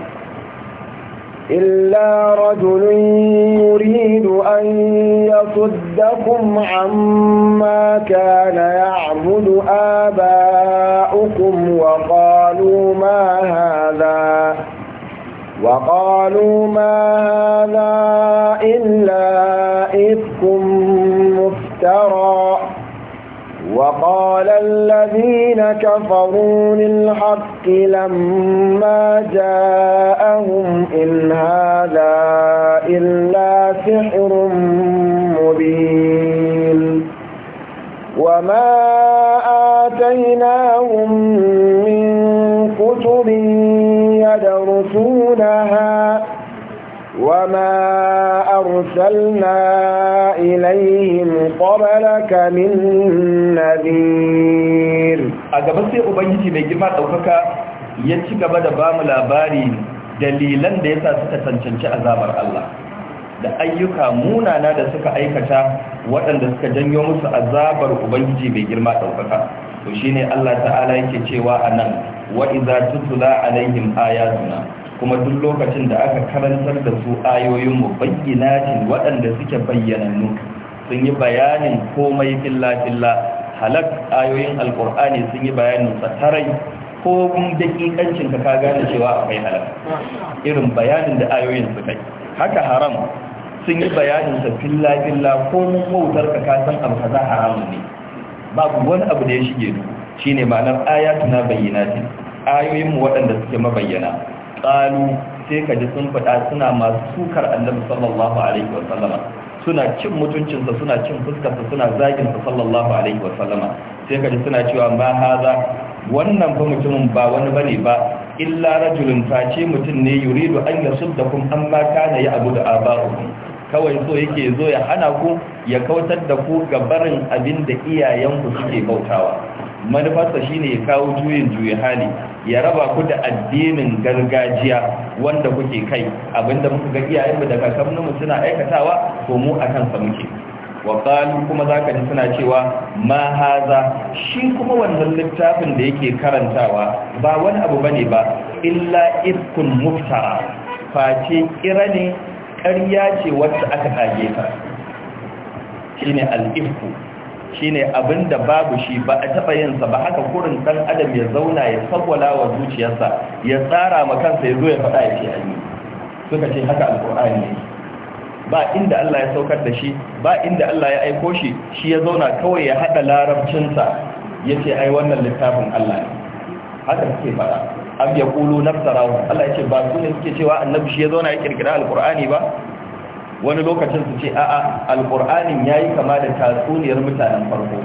إلا رجل يريد أن يصدكم عما كان يعبد آباؤكم وقالوا ما هذا وقالوا ما هذا وقال الذين كفروا للحق لما جاءهم إن هذا إلا سحر مبين وما آتيناهم من كتب يدرسونها وما أرسلنا إليهم قبلك من نذير أقبل سيء أبنجي بيجمع توقفك يتشك بدا بام لاباري دليلا ديسا ستتنشنش أزابر الله da ayyuka munana da suka aikata waɗanda suka janyo musu azabar ubangiji mai girma ɗaukaka to shine Allah ta'ala yake cewa anan wa idza tutla alaihim ayatuna kuma duk lokacin da aka karantar da su ayoyin mu cin waɗanda suke bayyanannu sun yi bayanin komai filla-filla halak ayoyin alkur'ani sun yi bayanin tsatarai ko dakikancin ka ka gane cewa akwai halak irin bayanin da ayoyin su kai haka haram sun yi bayanin sa filla-filla ko mawutar ka ka san abu kaza haramun ne babu wani abu da ya shige duk shine ma'anar ayatuna bayyinatin ayoyin mu waɗanda suke mabayyana qalu sai ka ji sun faɗa suna masu sukar annabi sallallahu alaihi wa sallama suna cin mutuncinsa suna cin fuskarsa suna zagin sa sallallahu alaihi wa sallama sai ka ji suna cewa ma haza wannan fa mutumin ba wani bane ba illa rajulun face mutum ne yuridu an yasuddakum amma kana ya abu da aba'ukum kawai so yake zo ya hana ku ya kautar da ku ga barin abin da iyayenku suke bautawa manufarsa shine ya kawo juyin juyi hali ya raba ku da addinin gargajiya wanda kuke kai abinda muka ga iyayenmu da kakanninmu suna aikatawa ko mu a kansa muke wa qalu kuma zaka ji suna cewa Mahaza, shi kuma wannan littafin da yake karantawa ba wani abu bane ba illa ifkun muftara face kira ne ƙarya ce wacce aka tage ta shine al-ifku shine abin da babu shi ba a taɓa yinsa ba haka kurin ɗan adam ya zauna ya sabwala wa zuciyarsa ya tsara ma kansa ya zo ya faɗa ya ce a yi suka ce haka alƙur'ani ne ba inda Allah ya saukar da shi ba inda Allah ya aiko shi shi ya zauna kawai ya haɗa larabcinsa ya ce ai wannan littafin Allah ne haka suke faɗa am ya ƙulu naftarahu Allah ya ce ba su ne suke cewa annabi shi ya zauna ya ƙirƙira alƙur'ani ba wani lokacin su ce a'a alƙur'anin ya yi kama da tatsuniyar mutanen farko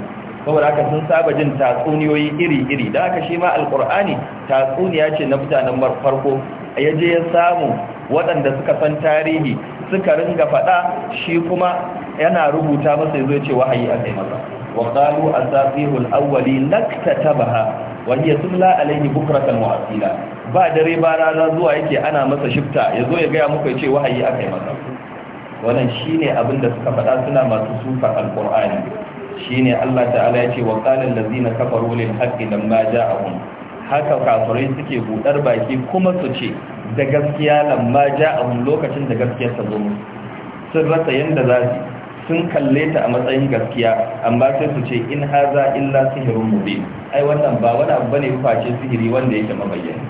saboda haka sun saba jin tatsuniyoyi iri-iri da haka shi ma alƙur'ani tatsuniya ce na mutanen farko ya je ya samu waɗanda suka san tarihi suka ringa faɗa shi kuma yana rubuta masa zai ce wahayi a kai masa wa qalu asafihul awwali naktatabaha wa hiya tumla alayhi bukratan wa asila ba dare ba rana zuwa yake ana masa shifta yazo ya ga muku ya ce wahayi a kai masa wannan shine abin da suka faɗa suna masu suka alqur'ani shine Allah ta'ala ya ce wa qala allazina kafaru lil haqqi a ja'ahum haka kafirai suke budar baki kuma su ce da gaskiya a ja'ahum lokacin da gaskiyar ta zo sun rasa yanda za su sun kalle ta a matsayin gaskiya amma sai su ce in haza illa sihirun mubin ai wannan ba wani abu bane face sihiri wanda yake mabayyana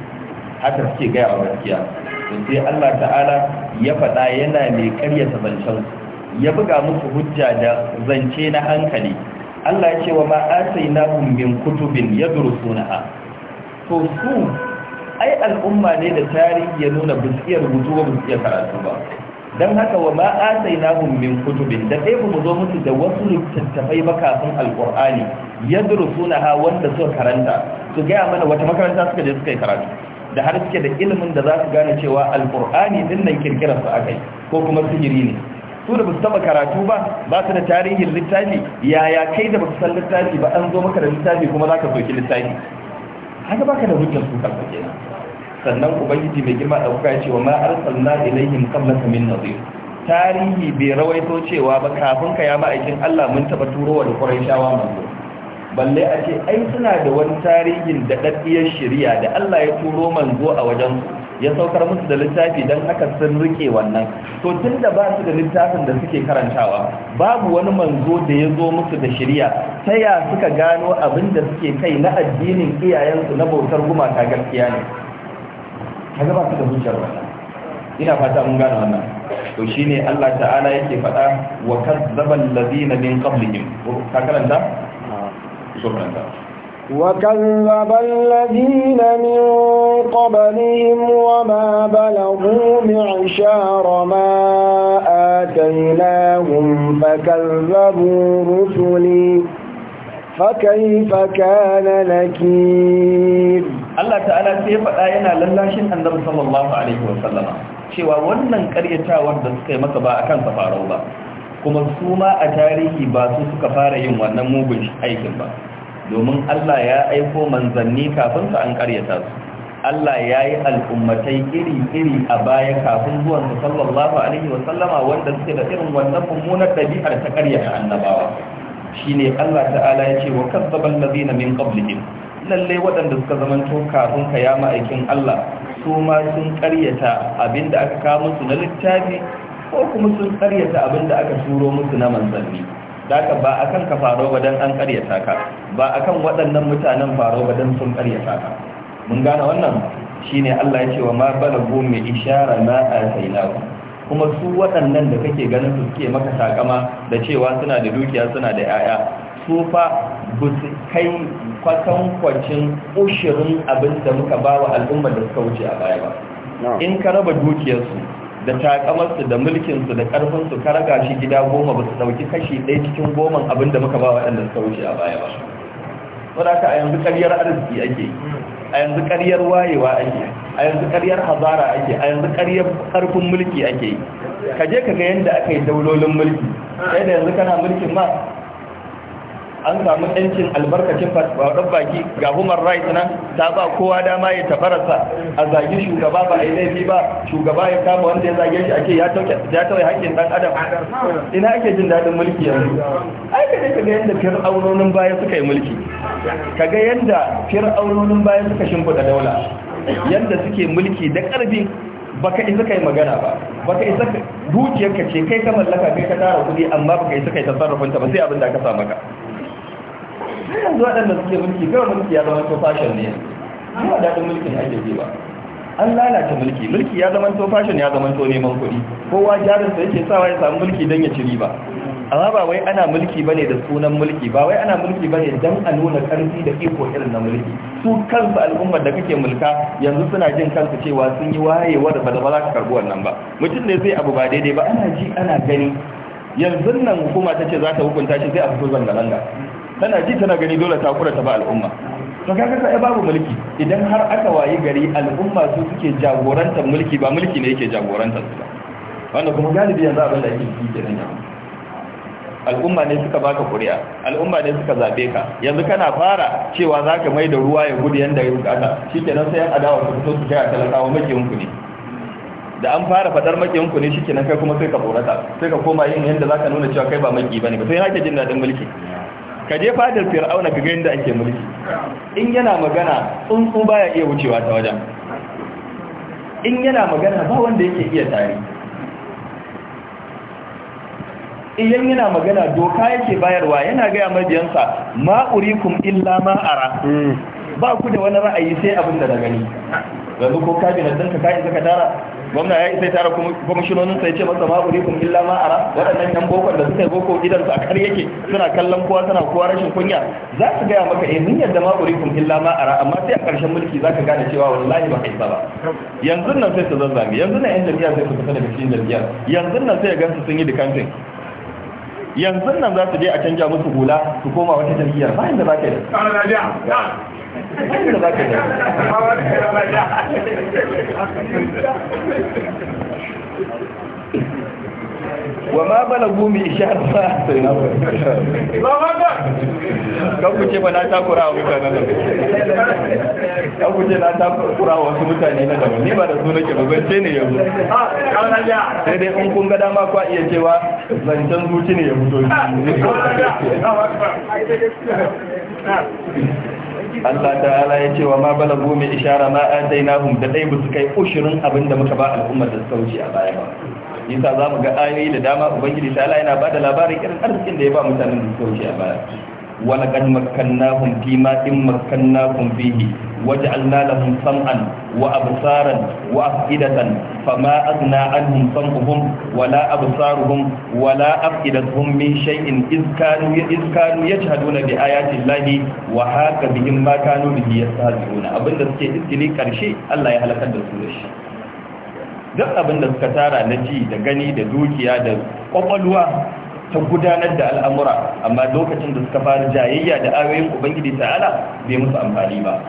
haka suke gaya wa gaskiya sai Allah ta'ala ya faɗa yana mai karya zancen ya buga musu hujja da zance na hankali Allah ya ce wa ma atainahum min kutubin yadrusunaha to su ai al'umma ne da tarihi ya nuna bisiyar rubutu ba buskiyar karatu ba don haka wa ma atainahum min kutubin da ɗaya mu zo musu da wasu littattafai ba kafin alqur'ani yadrusunaha wanda suka karanta su ga mana wata makaranta suka je suka yi karatu da har suke da ilimin da za su gane cewa alkur'ani din nan kirkirar su yi, ko kuma sihiri ne su da basu taba karatu ba ba su da tarihin littafi yaya kai da basu san littafi ba an zo maka da littafi kuma za ka soki littafi haka baka da hujjar su kanka kenan sannan ubangiji mai girma ɗauka ya ce wa ma arsalna ilaihim qablaka min nadhir tarihi bai rawaito cewa ba kafin ka ya ma'aikin Allah mun taba turowa da Qurayshawa manzo balle a ce ai suna da wani tarihin da daddiyar shari'a da Allah ya turo manzo a wajen ya saukar musu da littafi don haka sun rike wannan to tun da ba su da littafin da suke karantawa babu wani manzo da ya zo musu da shirya, ta ya suka gano abin da suke kai na addinin iyayensu na bautar gumaka gaskiya ne kaga ba su da hujjar wannan ina fata mun gane wannan to shine Allah ta'ala yake faɗa wa kazzaban ladina min qablihim ka karanta شكرا وكذب الذين من قبلهم وما بلغوا معشار ما آتيناهم فكذبوا رسلي فكيف كان نكير الله تعالى sai faɗa yana lallashin annabi sallallahu alaihi wasallam cewa wannan ƙaryatawar da suka yi masa ba akan safarau ba kuma su ma a tarihi ba su suka fara yin wannan mugun aikin ba domin Allah ya aiko manzanni kafin su an karyata su Allah ya yi al'ummatai iri-iri a baya kafin zuwan su sallallahu alaihi wa sallama wanda suke da irin wannan mummunar ɗabi'ar ta karyata annabawa shine Allah ta'ala ya ce wa kazzabal ladina min qablihim lalle waɗanda suka zamanto kafin ka ya ma'aikin Allah su ma sun abin abinda aka kawo musu na littafi ko kuma sun karyata abin da aka turo musu na manzanni daga ba kan ka faro ba don an karyata ka ba akan waɗannan mutanen faro ba don sun karyata ka mun gane wannan shine Allah ya ce wa ma balagu mai ishara ma atainahu kuma su waɗannan da kake ganin su suke maka takama da cewa suna da dukiya suna da yaya su fa ba su kai kwacin ushirin abin da muka ba wa al'ummar da suka wuce a baya ba in ka raba dukiyarsu da takamarsu da mulkinsu da ƙarfinsu ka raga shi gida goma ba su ɗauki kashi ɗaya cikin goma abin da muka ba waɗanda suka wuce a baya ba wadaka a yanzu ƙaryar arziki ake a yanzu ƙaryar wayewa ake a yanzu ƙaryar hazara ake a yanzu ƙaryar ƙarfin mulki ake ka je ka ga yadda aka yi daulolin mulki sai da yanzu kana mulkin ma an samu ɗancin albarkacin faɗin baki ga human rights nan ta ba kowa dama ya tafarasa a zagi shugaba ba a yi laifi ba shugaba ya kama wanda ya zage shi ake ya tauye haƙƙin ɗan adam ina ake jin daɗin mulki yanzu ai ka je ka ga yadda fir'aunonin baya suka yi mulki ka ga yadda aunonin baya suka shimfiɗa daula yadda suke mulki da ƙarfi baka isa kai magana ba baka isa ka ce kai ka mallaka kai ka tara kuɗi amma baka isa kai ta ba sai abin da aka sa maka sai yanzu waɗanda suke mulki kawai mulki ya zama fashion ne ba daɗin mulkin ake ba an lalata mulki mulki ya zama to fashion ya zama to neman kuɗi kowa jarinsa yake sawa ya samu mulki don ya ci riba amma ba wai ana mulki bane da sunan mulki ba wai ana mulki bane don a nuna ƙarfi da iko irin na mulki su kansu al'ummar da kake mulka yanzu suna jin kansu cewa sun yi wayewa da ba za ka karbi wannan ba mutum ne zai abu ba daidai ba ana ji ana gani yanzu nan hukuma ta ce za ta hukunta shi sai a fito zanga-zanga tana ji tana gani dole ta kura ta ba al'umma to kaga sai babu mulki idan har aka wayi gari al'umma su suke jagorantar mulki ba mulki ne yake jagorantar su wanda kuma galibi yanzu abin da yake yi da nan al'umma ne suka baka kuri'a al'umma ne suka zabe ka yanzu kana fara cewa zaka mai da ruwa ya gudu yanda ya bukata shikenan sai an adawa su fito su kai talakawa maki yanku ne da an fara fadar maki yanku ne shikenan kai kuma sai ka borata sai ka koma yin yanda zaka nuna cewa kai ba maki bane ba sai ke jin daɗin mulki ka je fadar fir'auna ka ga yadda ake mulki in yana magana tsuntsu baya iya wucewa ta wajen in yana magana ba wanda yake iya tare Iyan yana magana doka yake bayarwa yana gaya majiyansa ma'urikum illa ma'ara" hmm. ba ku da wani ra'ayi sai abin da na gani yanzu ko kabinet ɗinka ka isa ka tara gwamna ya isa tara kwamishinonin sai ce masa ma urikum illa ma ara waɗannan yan bokon da suka yi boko gidan su a kar yake suna kallon kowa suna kowa rashin kunya za su gaya maka eh mun yadda ma urikum illa ma ara amma sai a ƙarshen mulki za ka gane cewa wallahi ba isa ba yanzu nan sai su zazzage yanzu nan yan jam'iyyar sai su fita daga cikin jam'iyyar yanzu nan sai ya su sun yi dikantin yanzu nan za su je a canja musu hula su koma wata jam'iyyar bayan da za ka yi wa ma balagu mai ishar ba kuce ba na takura a mutane kan kuce na takura wasu na daban ba da su nake babance ne ah, sai dai in kun ga dama kwa iya cewa zancen zuci ne ya fito ah, Allah ta'ala ya ce wa ma balagu mai ishara ma atainahum da dai su kai ushirin abinda muka ba al'ummar da suka wuce a baya ba yasa za mu ga ayoyi da dama ubangiji ta'ala yana ba da labarin irin arzikin da ya ba mutanen da suka wuce a baya ولقد مكناهم فيما إن مكناهم فيه وجعلنا لهم سمعا وأبصارا وأفئدة فما أغنى عنهم سمعهم ولا أبصارهم ولا أفئدتهم من شيء إذ كانوا إذ كانوا يجهدون بآيات الله وحاك بهم ما كانوا به يستهزئون أبن دسكي إسكلي كرشي الله يهلك الدسولش duk abin da suka tara na ji da gani da dukiya da kwakwalwa ta gudanar da al'amura amma lokacin da suka fara jayayya da ayoyin ubangiji ta'ala bai musu amfani ba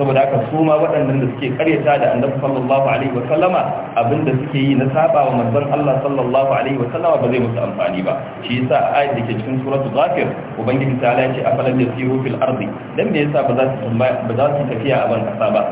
saboda haka suma waɗannan da suke karyata da annabi sallallahu alaihi wa sallama abinda suke yi na saba wa manzon Allah sallallahu alaihi wa sallama ba zai musu amfani ba shi yasa a ayat dake cikin suratul ghafir ubangiji ta'ala ya ce afalan yasiru fil ardi dan me yasa ba za su ba za su tafiya a ban kasa ba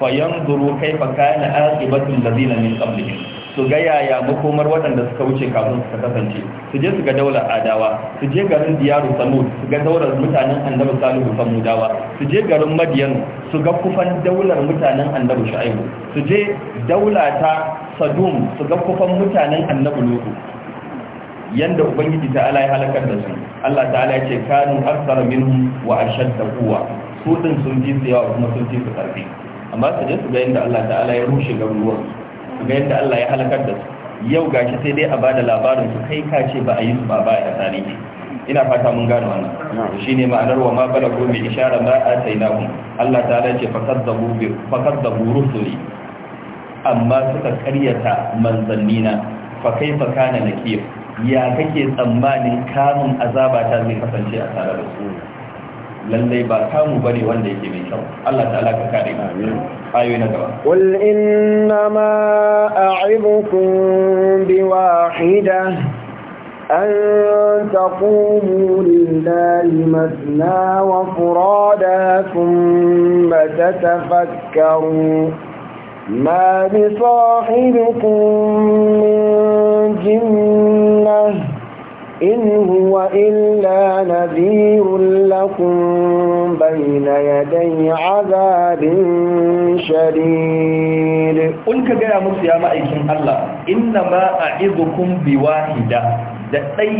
fayanzuru kaifa kana aqibatul ladina min qablihim su ga yaya makomar waɗanda suka wuce kafin suka kasance su je su ga daular adawa su je garin diyaru samu su ga daular mutanen annabi salihu dawa su je garin madiyan su ga kufan daular mutanen annabi shu'aibu su je daula ta sadum su ga kufan mutanen annabi lutu yanda ubangiji ta ala ya halakar da su Allah ta'ala ya ce kanu aksara minhum wa ashadda quwwa su din sun ji su yawa kuma sun ji su karfi amma su je su ga yadda Allah ta'ala ya rushe garuruwansu kuma yadda Allah ya halakar da su yau gashi sai dai a bada labarin su kai ka ce ba a yi su ba ba a tarihi ina fata mun gano wannan ne ma'anar wa ma balagu mai ishara yi atainahum Allah ta ce fakar da buru suri amma suka karyata manzannina fa kaifa kana nakir ya kake tsammanin kamun azaba ta zai kasance a tare da su lallai ba kamu bane wanda yake mai kyau Allah ta'ala ka kare ayoyi na gaba qul inna ma a'ibukum biwahida أن تقوموا لله مثنى وفرادا ثم تتفكروا ما بصاحبكم من جنة إن هو إلا نذير لكم بين يدي عذاب شديد قل كجاء يا مأيكم الله إنما أعظكم بواحدة دقي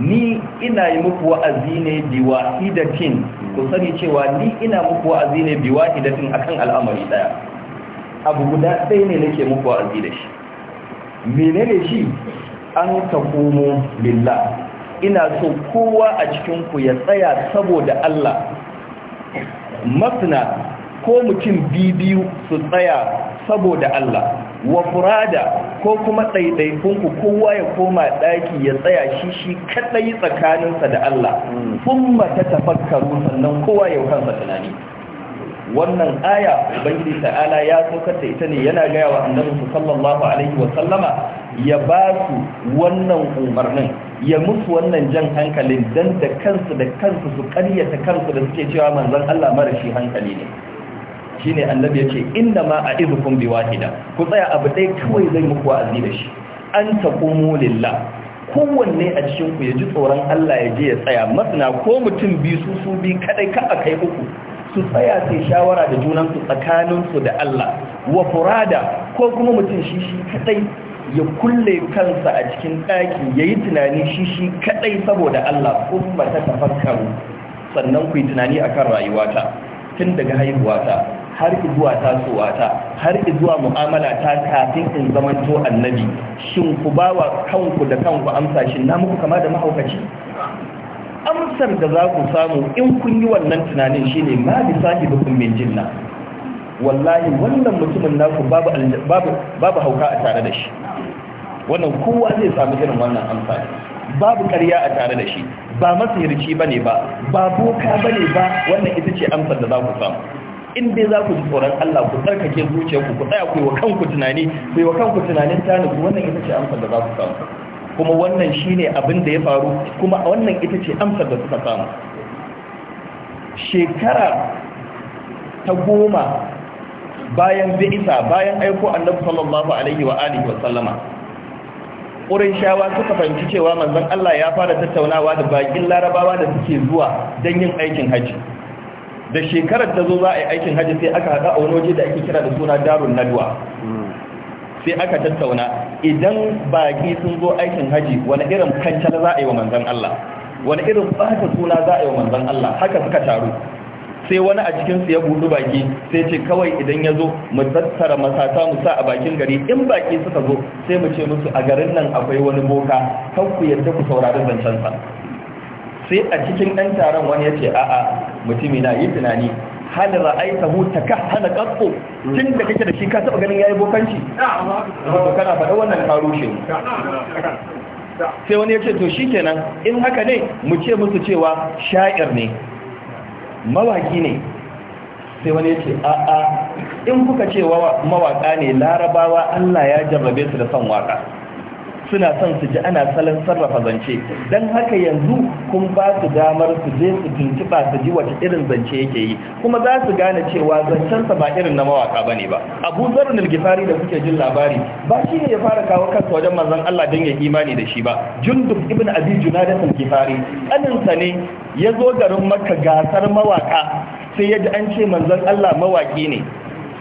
ni ina yi muku wa'azi ne wahidatin ku sani cewa ni ina muku wa'azi ne wahidatin akan al'amari daya abu guda ɗaya ne nake muku wa'azi da shi menene shi an komo lillah ina so kowa a cikinku ya tsaya saboda Allah masna ko mutum bibiyu su tsaya saboda Allah wa furada ko kuma ɗaiɗaikunku kowa ya koma ɗaki ya tsaya shi shi kaɗai tsakaninsa da Allah kuma hmm. ta tafakkaru sannan kowa ya kansa tunani wannan aya ubangiji ta'ala ya saukar da ita ne yana gaya wa Annabi sallallahu alaihi wa sallama ya ba su wannan umarnin ya musu wannan jan hankalin dan da kansu da kansu su ƙaryata kansu da suke cewa manzon Allah mara shi hankali ne shine annabi yace inna ma a'idukum biwahida ku tsaya abu dai kawai zai muku wa'azi da shi an taqumu lillah kowanne a cikin ku ya ji tsoron Allah ya je ya tsaya masana ko mutum biyu su su bi kadai ka akai kai uku su tsaya sai shawara da junansu tsakaninsu da Allah wa furada ko kuma mutum shi shi kadai ya kulle kansa a cikin ɗaki ya yi tunani shi shi kadai saboda Allah kuma ta tafakkaru sannan ku yi tunani akan rayuwata tun daga haihuwata har zuwa tasowata har zuwa mu'amala ta kafin in zamanto annabi shin ku ba wa kanku da kanku amsa shin na muku kama da mahaukaci amsar da za ku samu in kun yi wannan tunanin shine ma bi da min jinna wallahi wannan mutumin naku babu babu babu hauka a tare da shi wannan kowa zai samu irin wannan amsa babu ƙarya a tare da shi ba masirci bane ba ba boka bane ba wannan ita ce amsar da za ku samu in dai za ku ji tsoron Allah ku tsarkake zuciyarku ku tsaya ku yi wa kanku tunani ku yi wa kanku tunanin tanu wannan ita ce amsar da za ku samu kuma wannan shine abin da ya faru kuma wannan ita ce amsar da suka samu shekara ta goma bayan bi'isa bayan aiko annabi sallallahu alaihi wa alihi wa sallama shawa suka fahimci cewa manzon Allah ya fara tattaunawa da bakin larabawa da suke zuwa don yin aikin hajji. da shekarar ta zo za a yi aikin hajji sai aka haɗa a wani waje da ake kira da suna darun nadwa sai aka tattauna idan baki sun zo aikin haji wani irin kancal za a yi wa manzan Allah wani irin bata suna za a yi wa manzan Allah haka suka taru sai wani a cikin su ya budu baki sai ce kawai idan ya zo mu tattara masata mu sa a bakin gari in baki suka zo sai mu ce musu a garin nan akwai wani boka kan ku yadda ku saurari zancen sai a cikin ɗan taron wani ya ce a'a mutumi na yi tunani hal ra'aytahu takahhana qattu tun da kake da shi ka taba ganin yayi bokanci to kana faɗa wannan karushe sai wani ya ce to shikenan in haka ne mu ce musu cewa sha'ir ne mawaki ne sai wani ya ce a'a in kuka ce mawaka ne larabawa Allah ya jarrabe su da son waka suna son su ji ana salon sarrafa zance don haka yanzu kun ba su damar su je su tuntuɓa su ji wata irin zance yake yi kuma za su gane cewa zancensa ba irin na mawaka ba ne ba abu zarin algifari da suke jin labari ba shi ne ya fara kawo kansa wajen manzon Allah don ya imani da shi ba jundub ibn abi junadat algifari Ƙaninsa ne ya zo garin makka gasar mawaka sai ya ji an ce manzon Allah mawaki ne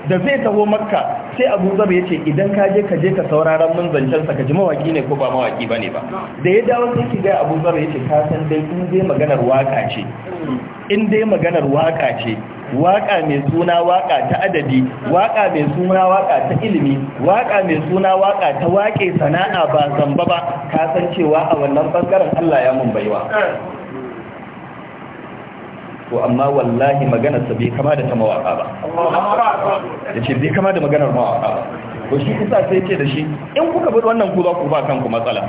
da zai taho makka sai abu zaba ya idan kaje je ka je ka sauraron mun zancensa ka ji mawaki ne ko ba mawaki ba ne ba da ya dawo sai ki gaya abu zaba ya ka san dai in dai maganar waka ce in dai maganar waka ce waka mai suna waka ta adadi, waka mai suna waka ta ilimi waka mai suna waka ta wake sana'a ba zamba ba ka san cewa a wannan bangaren Allah ya mun baiwa to amma wallahi maganar sa bai kama da ta mawaka ba yace bai kama da maganar mawaka ba to shi kusa sai ce da shi in kuka bar wannan ku za ku ba kanku matsala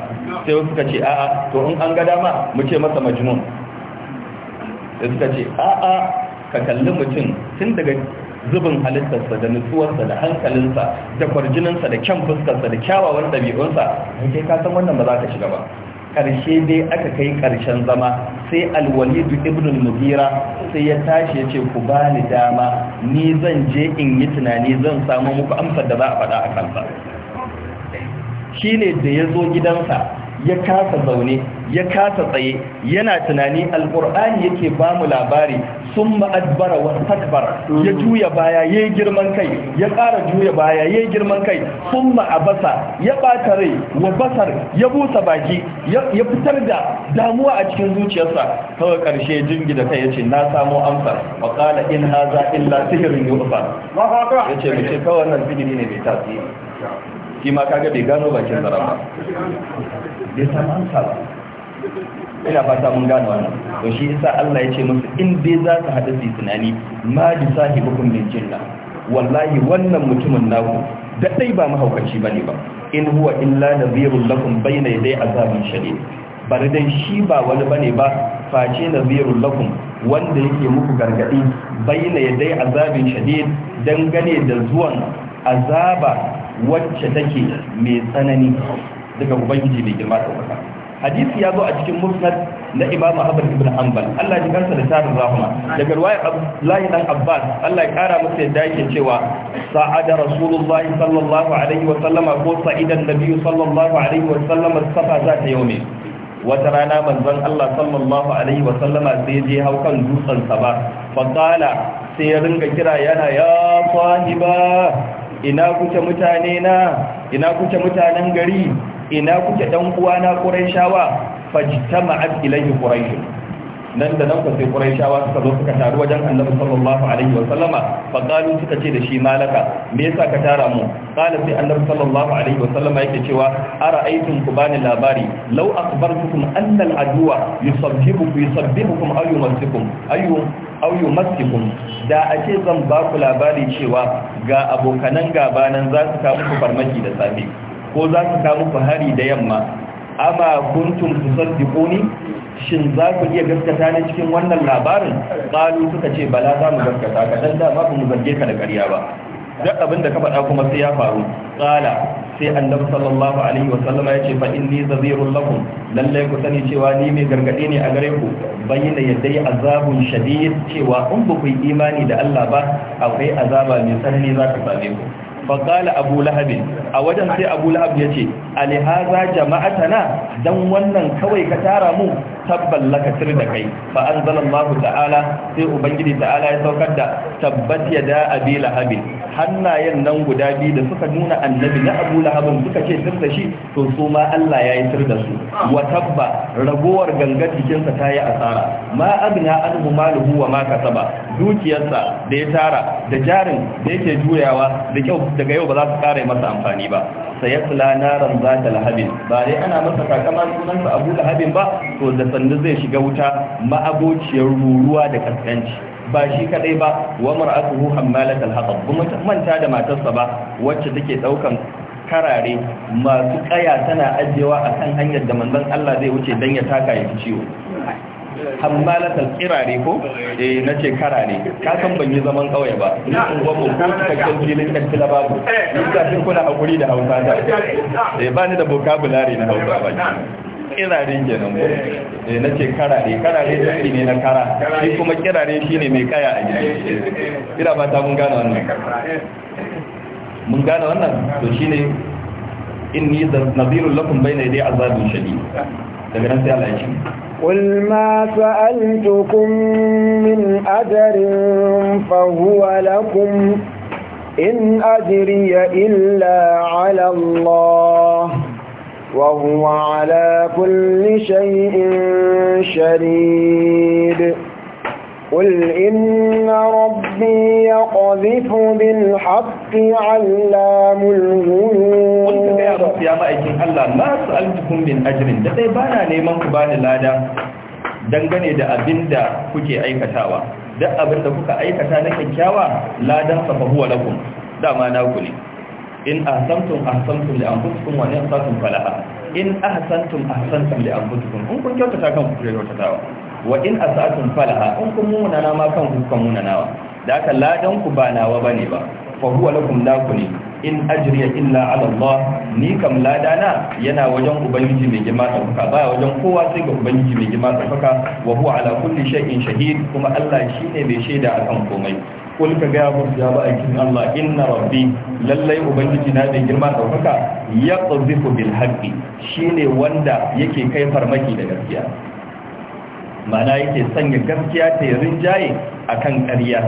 sai suka ce a'a to in an ga dama mu ce masa majnun sai suka ce a'a ka kalli mutum tun daga zubin halittarsa da nutsuwarsa da hankalinsa da kwarjininsa da kyan fuskarsa da kyawawan ɗabi'unsa kai ka san wannan ba za ka shiga ba ƙarshe dai aka kai ƙarshen zama sai alwalidu ibn al-mugira sai ya tashi ya ce ku bani dama ni zan je in yi tunani zan samu muku amsar da za a faɗa a kansa shine da ya zo gidansa ya kasa zaune ya kasa tsaye yana tunani alqur'ani yake ba mu labari summa adbara wa takbara ya mm. juya baya yayi girman kai ya ƙara juya baya yayi girman kai summa abasa ya bata rai wa basar ya busa baki ya fitar da damuwa a cikin zuciyarsa ƙarshe karshe da kai yace na samo amsa wa qala in haza illa sihrun Ya yace mace kawai wannan sihiri ne mai tasiri shi ma kaga bai gano bakin zarafa bai amsa ina fata mun gano wannan to shi yasa Allah ya ce musu in dai za ka hada su tunani ma bi sahibukum min jinna wallahi wannan mutumin naku da dai ba mahaukaci bane ba in huwa illa nadhirul lakum bayna yaday azabin shadid bari dan shi ba wani bane ba face nadhirul lakum wanda yake muku gargadi bayna yaday azabin shadid dangane da zuwan azaba wacce take mai tsanani daga ubangiji mai girma da kuka hadisi ya zo a cikin musnad na imamu habar ibn hanbal Allah ya kansa da tarin rahama daga ruwaya, Abdullahi dan Abbas Allah ya kara masa yadda yake cewa sa'ada rasulullahi sallallahu alaihi wa sallama ko sa'idan nabi sallallahu alaihi wa sallama safa za ta yaume wata rana manzon Allah sallallahu alaihi wa sallama sai je hau kan dutsen sa fa qala sai ya ringa kira yana ya sahiba ina kuce mutane na ina kuke mutanen gari ina kuke dan uwana quraishawa fajtama'at ilayhi quraish nan da nan ku sai quraishawa suka zo suka taru wajen annabi sallallahu alaihi wa sallama fa qalu suka ce da shi malaka me yasa ka tara mu qala sai annabi sallallahu alaihi wa sallama yake cewa ara'aytum kubani labari law akhbartukum annal adwa yusabbibukum yusabbihukum aw yumassukum ayu aw yumassukum da ake zan ba ku labari cewa ga abokanan gabanan za su kawo muku farmaki da safe ko za su kawo muku hari da yamma amma kuntum tusaddiquni shin za ku iya gaskata ne cikin wannan labarin qalu suka ce bala za mu gaskata ka dan da ba mu zarge ka da ƙarya ba duk abin da ka faɗa kuma sai ya faru qala sai annabi sallallahu alaihi wa sallama yace fa inni zazirul lakum lalle ku sani cewa ni mai gargade ne a gare ku bayyana yadda ya azabun shadid cewa in ba ku imani da Allah ba akwai azaba mai tsanani za ka same ku faƙala abu lahabin a wajen sai abu lahab ya ce alihaza tana? don wannan kawai ka tara mu tabban lakacin da kai Ba an zalallahu ta'ala sai ubangiji ta'ala ya saukar da tabbat ya da abi lahabin hannayen nan guda biyu da suka nuna annabi na abu lahabin suka ce sir da shi to su ma allah ya yi sir da su wa tabba ragowar gangar jikinsa ta yi asara ma abna anhu maluhu wa ma kasaba dukiyarsa da ya tara da jarin da yake juyawa da kyau daga yau ba za su kare masa amfani ba na naran za ta lahabin ba dai ana masa takama sunansa abu lahabin ba to da sandu zai shiga wuta ma'abociyar ruruwa da kaskanci ba shi kadai ba wa mar'atuhu hammalat al-hatab kuma manta da matarsa ba wacce take daukan karare masu kaya tana ajewa kan hanyar da manzon Allah zai wuce dan ya taka ya ciwo hammalatal kirare ko eh nace karare ka san ban yi zaman kauye ba ni unguwar mu ta kan jilin kan tilaba babu ni da sun kula hakuri da Hausa ta eh ba ni da vocabulary na Hausa ba kiraren kenan ko eh nace karare karare shi ne na kara shi kuma kirare shine mai kaya a jiki kira ba ta mun gane wannan mun gane wannan to shine inni nadirul lakum bayna yadi azabin shadid daga nan sai Allah ya ce قل ما سألتكم من أجر فهو لكم إن أجري إلا على الله وهو على كل شيء شريد قل إن ربي يقذف بالحق علام الغيوب قلت يا رب يا مأيكين الله ما سألتكم من أجر لدي بانا نيمان كبان لادا dangane da abin kuke aikatawa duk abin kuka aikata na kyakkyawa ladan sa fa huwa lakum dama na ku ne in ahsantum ahsantum li anfusikum wa in ahsantum falaha in ahsantum ahsantum li kun kyautata kanku ku kyautatawa wa in asatun falaha in kun munana ma kan kuka munanawa da aka ladan ku ba nawa bane ba fa huwa lakum laku ne in ajriya illa ala Allah ni kam ladana yana wajen ubangiji mai girma tsafaka ba wajen kowa sai ga ubangiji mai girma tsafaka wa huwa ala kulli shay'in shahid kuma Allah shine mai shaida akan komai kul ka ga musu ya ba aikin Allah inna rabbi lallai ubangiji na da girma daukaka ya qadhifu bil haqqi shine wanda yake kai farmaki da gaskiya mana yake sanya gaskiya ta yi rinjaye a kan ƙarya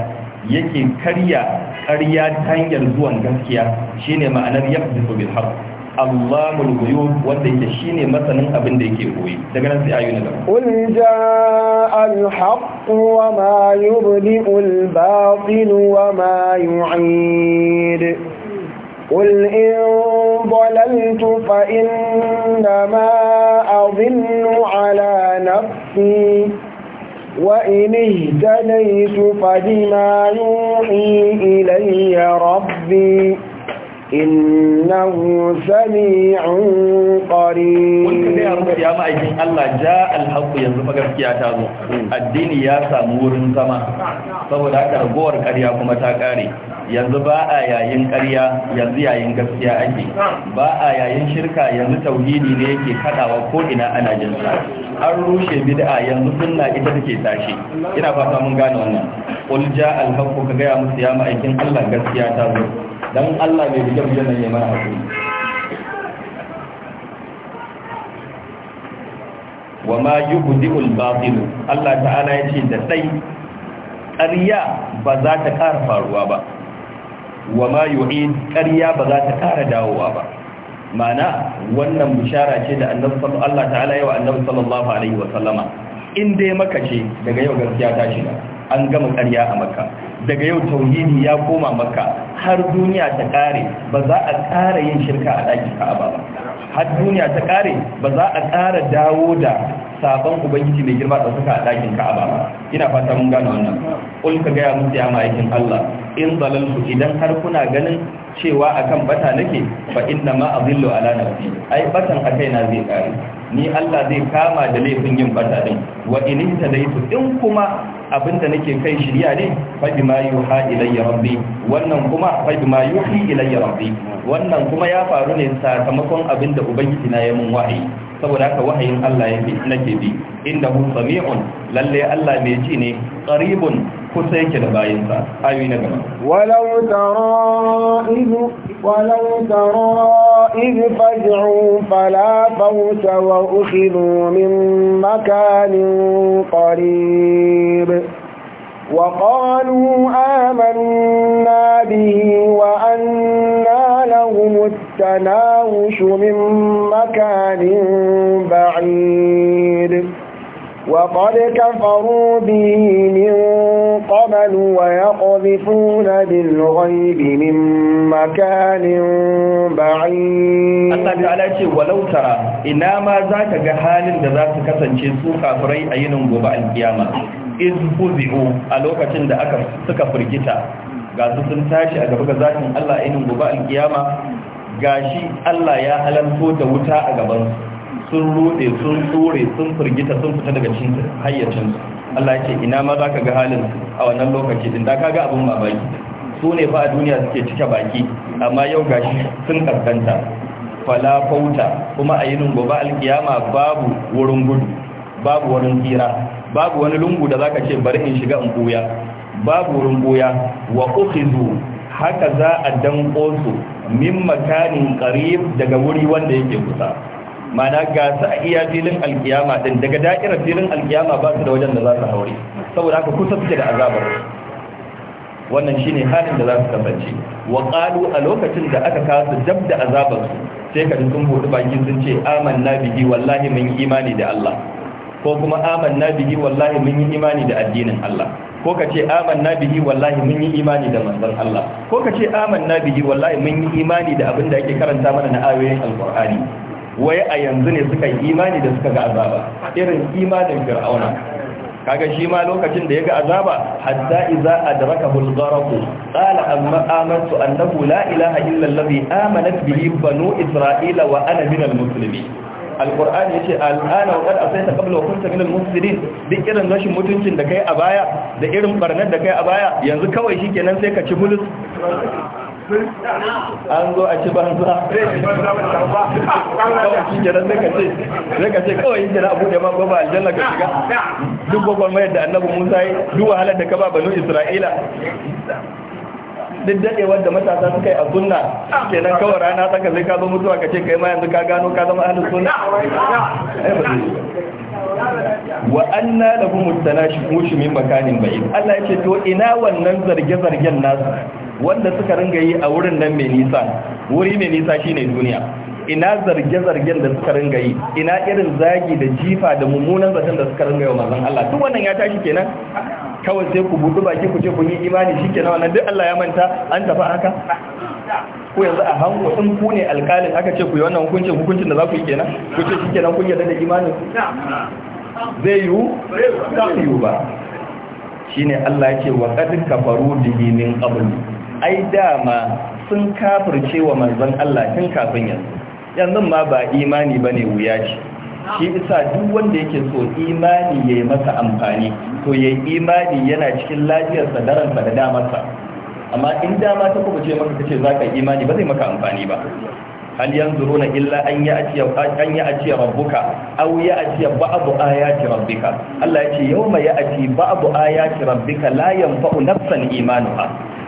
yake karya ƙarya ta hanyar zuwan gaskiya shi ne ma'anar yabda su bil haƙ Allah mulguyo wanda yake shi ne masanin abin da yake koyi daga nan sai ayu na gaba. Qul ja'a al-haqq wa ma yubdi'u al-batil wa ma yu'id قل إن ضللت فإنما أضل على نفسي نفسي وإن اهتديت فبما يوحي إلي ربي إنه سميع قريب wanda zai harkar ya ma'aikin Allah ja alhaku yanzu fa ta zo addini ya samu wurin zama saboda haka ragowar ƙarya kuma ta ƙare yanzu ba a yayin ƙarya yanzu yayin gaskiya ake ba a yayin shirka yanzu tauhidi ne yake kadawa ko ina ana jin sa an rushe bid'a yanzu sunna ita take tashi ina fata mun gane wannan qul jaa al-haqqu ka gaya musu ya ma'aikin Allah gaskiya ta zo dan Allah mai bijan jannan ne mana haƙuri wa ma yubdi'u al-batil Allah ta'ala yace da dai ƙarya ba za ta ƙara faruwa ba wa ma yu'in ƙarya ba za ta ƙara dawowa ba mana wannan bishara ce da annabi Allah ta'ala yawa annabi sallallahu alaihi wa sallama in dai maka ce daga yau gaskiya ta shiga an gama ƙarya a makka daga yau tauhidi ya koma maka har duniya ta kare ba za a kara yin shirka a daki ka'aba ba har duniya ta kare ba za a kara dawo da sabon ubangiji mai girma da suka a dakin ka'aba ba ina fata mun gano wannan ul ka gaya musu ya ma'aikin Allah in zalaltu idan har kuna ganin cewa akan bata nake fa inna ma azillu ala nafsi ai batan akai na zai kare ni Allah zai kama da laifin yin bata din wa in tadaitu in kuma abinda nake kai shirya ne fa bima yuha ilayya rabbi wannan kuma fa bima yuhi ilayya rabbi wannan kuma ya faru ne sakamakon abinda ubangiji na ya mun wahayi saboda haka wahayin Allah yake nake bi inda hu sami'un lalle Allah mai ji ne قريب كسيك لباين سا أيو نجم ولو ترى إذ ولو ترى إذ فجعوا فلا فوت وأخذوا من مكان قريب وقالوا آمنا به وأنا لهم التناوش من مكان بعيد وقد كفروا به من قبل ويقذفون بالغيب من مكان بعيد Allah ta'ala ce walau ina ma zaka ga halin da zasu kasance su kafirai a yinin gobe alkiyama iz fuzi'u a lokacin da aka suka firgita ga su sun tashi a gaba ga zatin Allah a gobe gashi Allah ya halanto da wuta a gabansu sun rude sun tsore sun firgita sun fita daga hayyacinsu. hayyacin Allah ya ce ina ma za ka ga halin a wannan lokaci din da ka ga abin mamaki su ne fa a duniya suke cike baki amma yau gashi sun kaskanta fala fauta kuma a yinin gobe alkiyama babu wurin gudu babu wurin tsira babu wani lungu da zaka ce bari in shiga in buya babu wurin buya wa ukhizu haka za a danko su min makanin qarib daga wuri wanda yake kusa mana ga su a iya filin alkiyama din daga da'irar filin alkiyama ba su da wajen da za su haure saboda haka kusa suke da azabar wannan shine halin da za su kasance wa qalu a lokacin da aka kasu dab da azabar su sai ka sun bude baki sun ce amanna bihi wallahi mun yi imani da Allah ko kuma amanna bihi wallahi mun yi imani da addinin Allah ko ka ce amanna bihi wallahi mun yi imani da manzon Allah ko ka ce amanna bihi wallahi mun yi imani da abin da ake karanta mana na ayoyin alqur'ani wai a yanzu ne suka yi imani da suka ga azaba irin imanin fir'auna kaga shi ma lokacin da ya ga azaba hatta iza adraka bulgaraku qala amma amantu annahu la ilaha illa allazi amanat bihi banu isra'ila wa ana minal muslimin alqur'ani yace al'ana wa qad asayta qabla wa kunta mufsidin duk irin rashin mutuncin da kai a baya da irin barnar da kai a baya yanzu kawai shikenan sai ka ci bulus an zo a ci banza ka shiga duk gwagwar mayar da annabi musa duk wahalar da da matasa suka yi a sunna kenan kawai rana tsaka zai ka zo mutuwa ka ce kai ma yanzu ka gano ka zama ahalin sunna wa anna lahum mutanashi mushi min makanin bayyin Allah ya ce to ina wannan zarge-zargen nasu wanda suka ringa yi a wurin nan mai nisa wuri mai nisa shine duniya ina zarge-zargen da suka ringa yi ina irin zagi da jifa da mummunan zaton da suka ringa yi wa mazan? Allah duk wannan ya tashi kenan kawai sai ku budu baki ku ce kun yi imani kenan wannan duk Allah ya manta an tafi haka ko yanzu a hango in ku ne alƙalin aka ce ku yi wannan hukuncin hukuncin da za ku yi kenan ku ce shikenan kun yarda da imani zai yiwu zai yiwu ba shine Allah ya ce wa qad kafaru yi min qablu ai dama sun kafirce wa manzon Allah tun kafin yanzu yanzu ma ba imani bane wuya ce shi isa duk wanda yake so imani yayi masa amfani to yayi imani yana cikin lafiyar sa daren da damarsa amma in dama ta kuma ce maka kace zaka imani ba zai maka amfani ba hal yanzuruna illa an atiya an atiya rabbuka aw atiya ba'du ayati rabbika Allah yace yawma ati ba'du ayati rabbika la yanfa'u nafsan imanuha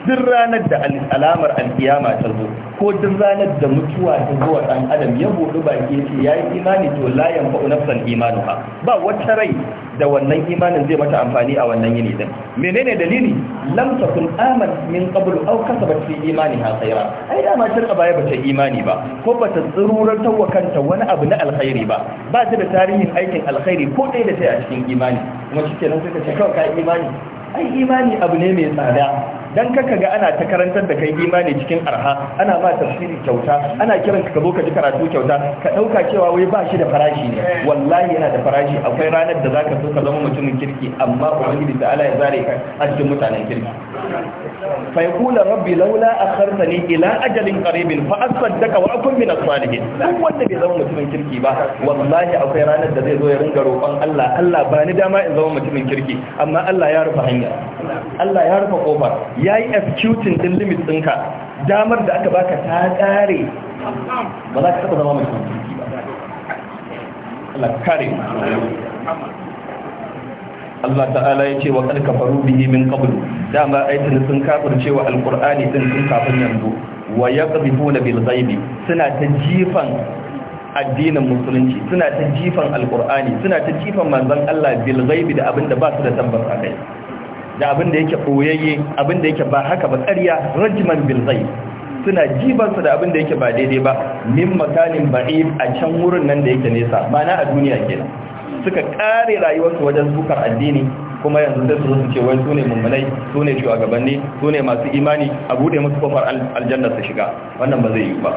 duk ranar da alamar alkiyama ta zo ko duk ranar da mutuwa ta zo wa ɗan adam ya buɗu baki ce ya yi imani to layan fa'u nafsan imanu ba ba wata rai da wannan imanin zai mata amfani a wannan yini din menene dalili lam takun aman min qabl aw kasabat fi imaniha khayra ai da matar a baya bata imani ba ko bata tsururar ta kanta wani abu na alkhairi ba ba ta da tarihin aikin alkhairi ko ɗaya da ta a cikin imani kuma shikenan suka ce kawai ka imani ai imani abu ne mai tsada dan kaka ga ana ta karantar da kai imani cikin arha ana ba tafsiri kyauta ana kiran ka zo ka ji karatu kyauta ka dauka cewa wai ba shi da farashi ne wallahi yana da farashi akwai ranar da zaka so ka zama mutumin kirki amma ubangiji da Allah ya zare ka a cikin mutanen kirki fa yaqulu rabbi laula akhartani ila ajalin qaribin fa asaddaka wa akun min as-salihin duk wanda bai zama mutumin kirki ba wallahi akwai ranar da zai zo ya ringa roƙon Allah Allah ba ni dama in zama mutumin kirki amma Allah ya rufe hanya Allah ya rufe kofar ya yi executing din limit ɗinka damar da aka baka ta ƙare ba za ka taɓa zama mai ba kare Allah ta'ala ya ce wa kad faru bihi min qabl dama aitin sun kafirce cewa Alƙur'ani din sun kafin yanzu wa yaqdifuna bil ghaibi suna ta jifan addinin musulunci suna ta jifan Alƙur'ani, suna ta jifan manzon Allah bil ghaibi da abinda ba su da tabbas kai. da abin da yake koyayye abin da yake ba haka ba ƙarya rajman bil zai suna jibansa da abin da yake ba daidai ba min makanin ba'id a can wurin nan da yake nesa ma'ana a duniya kenan suka kare rayuwarsu wajen sukar addini kuma yanzu sai su su ce wai su ne mummunai su ne shugabanni su ne masu imani a bude musu kofar aljanna su shiga wannan ba zai yi ba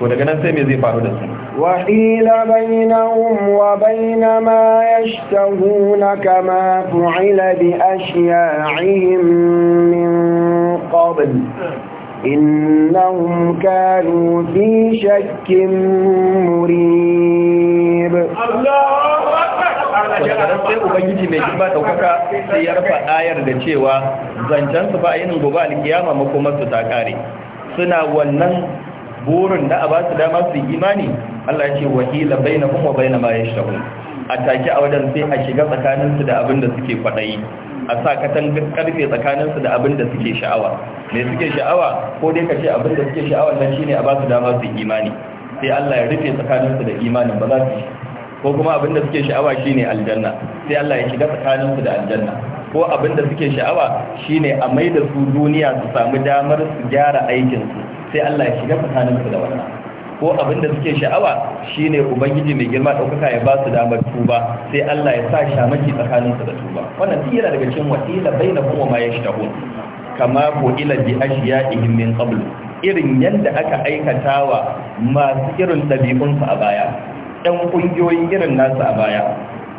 to daga nan sai me zai faru da su wa ila bainahum wa baina ma yashtahuna kama fu'ila bi ashya'ihim min qabl إنهم كانوا في شك مريب الله أكبر wataran sai ubangiji mai girma daukaka sai ya rufa ayar da cewa zancen su fa yin gobe alkiyama makomar su ta kare suna wannan burin da a ba su dama su imani Allah ya ce wahila kuma wa na ma shahu. a take a wajen sai a shiga tsakaninsu da abin da suke kwaɗayi. a sa katan karfe tsakaninsu da abin da suke sha'awa me suke sha'awa ko dai ka ce abin da suke sha'awa nan shine a ba su dama su imani sai Allah ya rufe tsakaninsu da imanin ba za su ko kuma abin da suke sha'awa shine aljanna sai Allah ya shiga tsakanin su da aljanna ko abin da suke sha'awa shine a mai da su duniya su samu damar su gyara aikin su sai Allah ya shiga tsakanin su da wannan ko abin da suke sha'awa shine ubangiji mai girma daukaka ya ba su damar tuba sai Allah ya sa shamaki tsakanin su da tuba wannan shi yana daga cikin wasila bainakum wa ma yashtahun kama ko ila bi ashiya'ihim min qabl irin yanda aka aikatawa masu irin dabi'un su a baya Ƴan ƙungiyoyin irin nasu a baya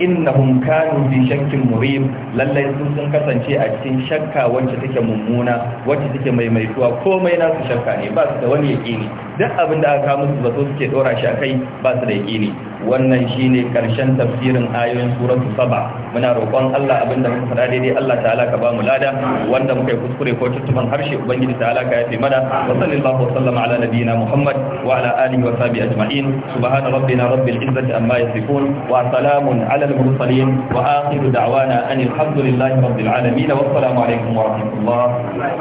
innahum kanu fi shakkin murib lallai sun sun kasance a cikin shakka wacce take mummuna wacce take maimaituwa komai na su shakka ne ba su da wani yaqini duk abin da aka kawo musu zato suke dora shi akai ba su da yaqini wannan shine karshen tafsirin ayoyin suratu saba muna roƙon Allah abin da muka faɗa daidai Allah ta'ala ka ba mu lada wanda muka yi kuskure ko tuttuban harshe ubangiji ta'ala ka yafe mana wa sallallahu wa sallama ala nabiyyina muhammad wa ala alihi wa sahbihi ajma'in subhana rabbina rabbil izzati amma yasifun wa salamun ala المرسلين وآخر دعوانا أن الحمد لله رب العالمين والسلام عليكم ورحمة الله